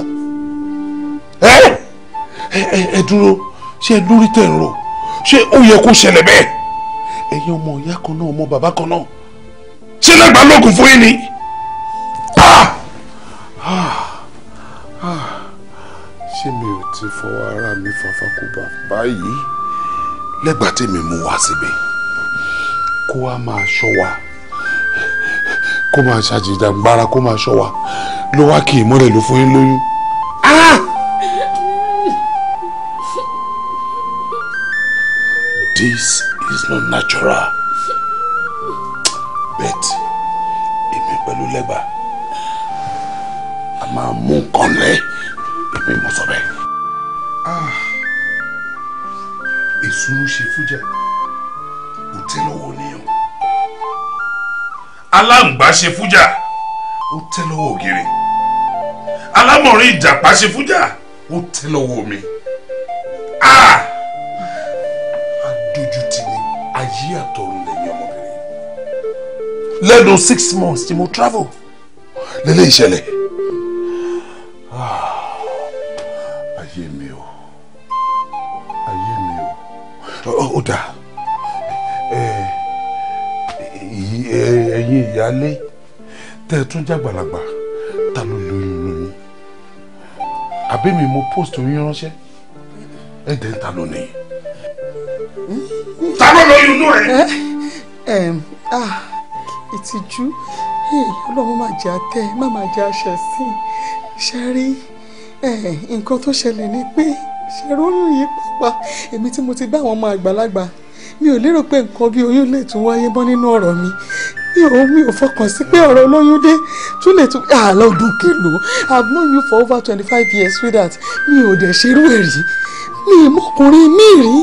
ẹ ẹ dúró ṣé lórí tẹ̀ ń rò ṣé ó yẹ kó ṣẹlẹ̀ bẹ́ẹ̀ ẹ̀yin ọmọ ìyá kan náà ọmọ bàbá kan náà ṣé lẹ́gbàá lóògùn fún yín ni. Ah! Ah! ṣé mi ò ti fọwọ́ ara mi fàfà kó bàbá lẹ́gbàá tèmi mú wá síbẹ̀ kó wá máa ṣọ́ wa kó máa ṣàjìdàgbára kó máa ṣọ́ wa ló wá kì í ló fún yín lóyún. Ah! This is not natural bet èmi pẹ̀lú lẹ́gbàá a máa mú nǹkan lẹ́ èmi mọ̀ sọ ìsúnú ṣe fújà ó tẹ́ lọ́wọ́ oníyàn aláǹgbá ṣe fújà ó tẹ́ lọ́wọ́ ògiri alámọ̀rin ìjàpá ṣe fújà ó tẹ́ lọ́wọ́ omi adójútì ni ayé àtọ̀run lẹ́yìn ọmọbìnrin lẹ́nu six months tí mo travel lélẹ́ ìṣẹ̀lẹ̀. ó dáa ẹ̀yin ìyáálé tẹ́ ẹ tún jàgbàlagbà ta ló lóyún lóyún àbẹ́mi mo post oyún ránṣẹ́ ẹ̀ dẹ̀ ta ló ní. Hmm? ta ló lóyún inú ẹ. Ah, ìtìjú ọlọ́run máa jẹ́ àtẹ má máa jẹ́ àṣẹ sí i ṣe rí nǹkan tó ṣẹlẹ̀ ni pé ṣe rí oyún yìí pa èmi tí mo ti bá àwọn ọmọ àgbàlagbà mi ò lérò pé nǹkan bí oyún lè tún wáyé bọ́ nínú ọ̀rọ̀ mi mi ò mi ò fọkàn sí pé ọ̀rọ̀ olóyún dé tún lè tún àlọ́ ah, ọdún kìlọ̀ I've known you for over twenty five years sweetheart mi ò dẹ̀ ṣerú ẹ̀ rí mi ì mọkùnrin mi rí.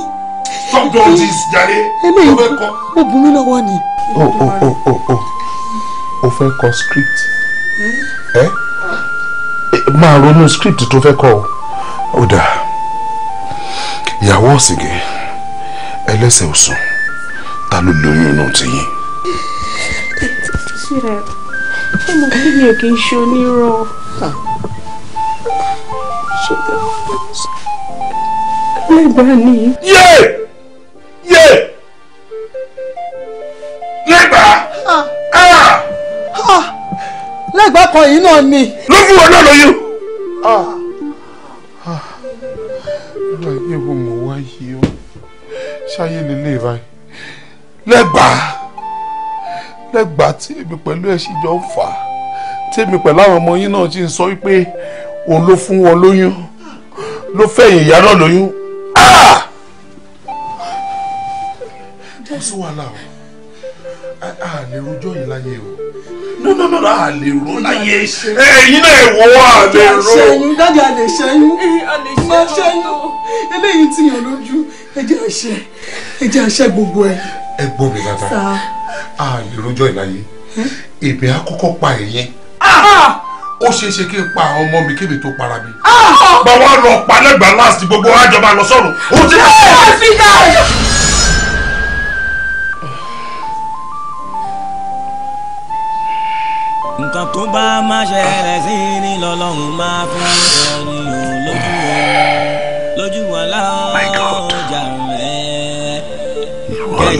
stop doing this jare o fẹ́ kọ. ó bu mí lọ́wọ́ ni. o o o o o o fẹ́ kọ script ẹ hmm? eh? máa ronú script tó fẹ́ kọ o dáa ìyàwó ọ̀sìnkẹ́ ẹlẹ́sẹ̀ òsùn ta ló lóyún inú tiyín. ṣíra ẹ mọ̀ pé mi ò kì ṣe onírọ́. lẹ́gbàá ni. yé yé lẹ́gbàá. lẹ́gbàá kan yìí náà ni. ló fún wọn náà lóyún. ṣáyé lélẹ̀ báyìí lẹ́gbàá lẹ́gbàá tí èmi pẹ̀lú ẹ̀ sì jọ ń fà á tí èmi pẹ̀lú àwọn ọmọ yín náà ti ń sọ wípé òun ló fún wọn lóyún ló fẹ̀yìn ìyá náà lóyún ah! kò sí wàhálà o a lè rojọ́ yìí láyé o no no no a lè ro láyé ẹ̀yin náà ẹ̀wọ̀ a lè ro. ṣẹ́yìn a lè ṣẹ́yìn a lè ṣẹ́yìn eh, eléyìí ti yàn lójú ẹ jẹ́ àṣẹ ẹ jẹ́ àṣẹ gbogbo ẹ. ẹ gbọ́ mi dáadáa a lè rojọ́ ìláyé èmi á kọ́kọ́ pa ẹ̀yẹn ah! ó ṣeé ṣe kí n pa àwọn ọmọ mi kí mi tó para mi. Ah! bá wa lọ pa lẹ́gbàá láti gbogbo àjọba lọ sọ́run. ó ti ká ẹ fi dá nǹkan tó bá máa ṣẹlẹ̀ sí ni lọ́lọ́run máa fi ń sọ ní òun wa lójú It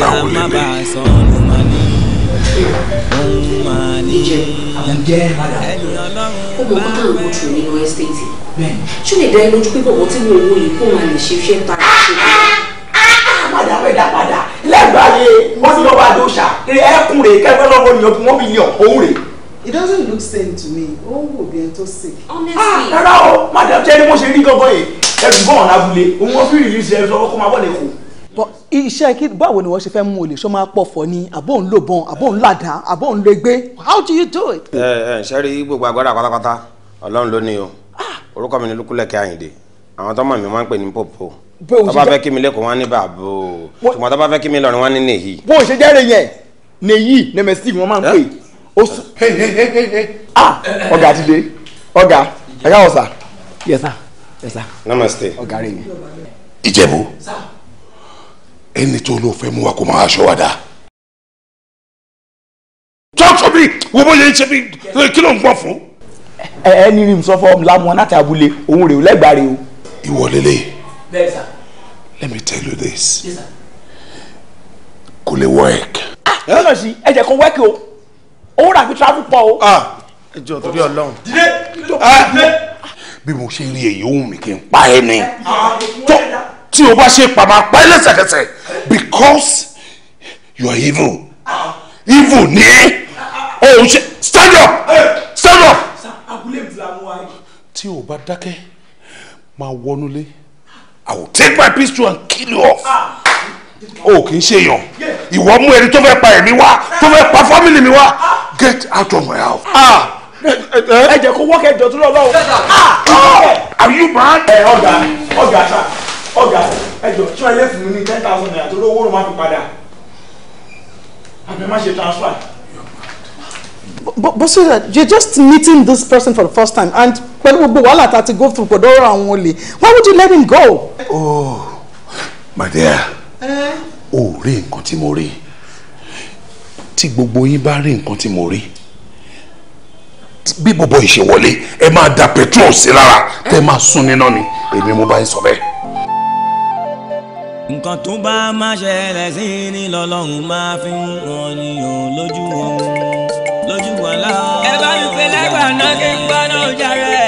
doesn't look same to me. Ó ń wò bí ẹni sick. Honestly. Ah, rárá o, madam ṣe ni mo ṣe rí gángan yìí. Ẹ̀sùn bọ́ọ̀ náà abúlé, òun wọ́n fi rìlíìsì ẹ̀ sọ́wọ́ kó máa wọlé kù iṣẹ́ kí báwo ni wọ́n ṣe fẹ́ mú olè ṣọ́ máa ni àbò ń lò bọn àbò ń làdá àbò ń legbé how do you do it. ẹ ẹ sẹ́rí gbogbo agbára pátápátá ọlọ́run ló ní o ah! orúkọ mi ni lukulẹ̀kẹ́ àyìndé àwọn tọ́mọ̀ mi máa ń pè ní pòpò tó bá fẹ́ kí mi lẹ́kọ̀ọ́ wọn ní bàbá o ṣùgbọ́n tó bá fẹ́ kí mi lọ́rin wọn ní nìyí. bó o ṣe jẹ́rìí yẹn nìyí nẹ́mẹ̀sì wọn máa ń pè ó sùn. Ah! ọ̀gá ti dé ọ̀gá ẹ káwọ sà. yes sir yes sir. namaste. ọ̀gá rẹ̀ mi. ìjẹ̀bú. sir ẹni tó ló fẹ́ mú wa kó máa aṣọ wa dá. talk to me wo bó ṣe ń ṣe bí kí ló ń gbọ́n fún. ẹ ẹ ní rímù sọfọ ọmọ lámú ọ̀nà àti abúlé òun rèé lẹ́gbàá rèé o. ìwọ lélẹ̀. bẹ́ẹ̀ sà. let me tell you this. yes sir. kò lè work. Ah, ẹ lọ sí ẹ jẹ́ kó wẹ́ẹ̀kì o owó rà fi travel pọ̀ o. Ah. ẹ jọ torí Ọlọ́run. dídé dídé. Ah. bí mo ṣe rí èyí ó wù mí kí n pa ẹ ní. tó tí o bá ṣe pàmò apá lẹ́sẹ̀kẹsẹ̀ because you are evil evil ni ẹ o ò ṣe stand up stand up. tí o bá dákẹ́ máa wọnúlé i will take my pistol and kill you off ah! o kì í ṣe èèyàn ìwọ mú ẹni tó fẹ́ pa ẹ̀mí wá tó fẹ́ pa fámìlì mi wá ah! get out of my house. Ah, ah! ẹ jẹ́ kó wọ́kẹ́ dọ̀tún lọ́wọ́ o. are you mad. ẹ ọgá ọgá ta ọ̀gá ẹjọ tí wọ́n lè fún mi ní ten thousand naira tó lówó ló má fi padà àbí má ṣe transfer. But, but so that you're just meeting this person for the first time and pẹ̀lú gbogbo wàhálà tá a ti go through kò dọ́rọ̀ àwọn olè why would you let him go. oh my dear o rí nǹkan tí mo rí tí gbogbo yín bá rí nǹkan tí mo rí bí gbogbo ìṣèwọlé ẹ máa da petrol sí lára tẹ máa sún níná ni èmi mo bá ń sọ bẹ́ẹ̀ nǹkan tó bá máa ṣẹlẹ̀ sí ni lọ́lọ́run máa fi ń ràn yàn lójú ohun lójú wa láàárọ̀. ẹ bá yùn pé lẹ́gbà náà kí n gbọ́ náà jàre.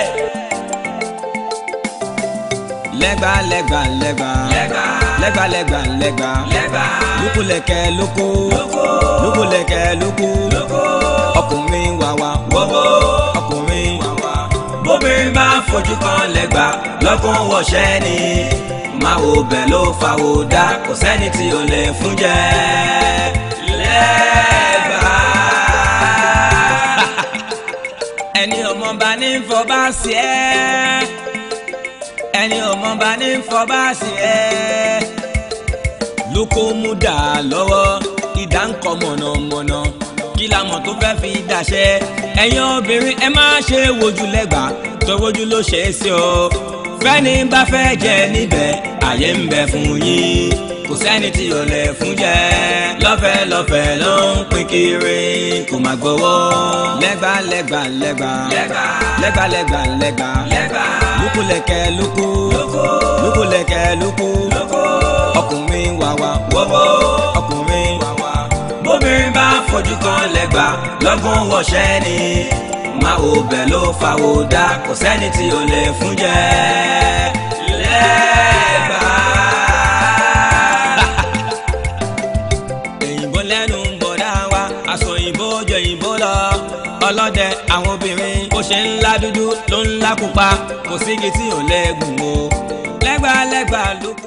lẹ́gbà lẹ́gbà lẹ́gbà lẹ́gbà lẹ́gbà lẹ́gbà lókòlẹ̀kẹ̀ lóko lókòlẹ̀kẹ̀ lóko ọkùnrin wàwà wọ́wọ́ fojú kan lẹ́gbà lọ́kùn wọ̀ṣẹ́ ni máa wo bẹ̀ ló fa wo dá kò sẹ́ni tí o lè fún jẹ lẹ́gbà. ẹni ọmọọba ní fọba sí ẹ ẹni ọmọọba ní fọba sí ẹ lóko mú dà lọ́wọ́ ìdá mọ̀nàmọ́ná kí la mọ̀ tó fẹ́ fi dàṣẹ. ẹ̀yin obìnrin ẹ má ṣe wojú lẹ́gbàá tó wojú ló ṣe é sí o. fẹ́ni bá fẹ́ jẹ níbẹ̀ àyè ń bẹ fún yín kò sẹ́ni tí ò lè fún jẹ lọ́fẹ̀ẹ́ lọ́fẹ̀ẹ́ ló ń pín kiri kò má gbowó. lẹ́gbàá lẹ́gbàá lẹ́gbàá lẹ́gbàá lẹ́gbàá lẹ́gbàá lúkúlẹ̀kẹ́ lúkú lúkúlẹ̀kẹ́ lúkú ọkùnrin wàwà wọ́wọ́ ọkùnrin obìnrin bá fojú kan lẹ́gbà lọ́gùn wọ̀ṣẹ́ ni máa wo bẹ̀ ló fa wo dá kò sẹ́ni tí o lè fún jẹ́ lẹ́ẹ̀bà. èyìnbó lẹ́nu ń bọ̀dá wa aṣọ òyìnbó jọ òyìnbó lọ ọlọ́dẹ àwọn obìnrin ó ṣe ńlá dúdú ló ńlá pupa kò sígi tí ò lẹ́gùn o lẹ́gbàá lẹ́gbàá ló kú.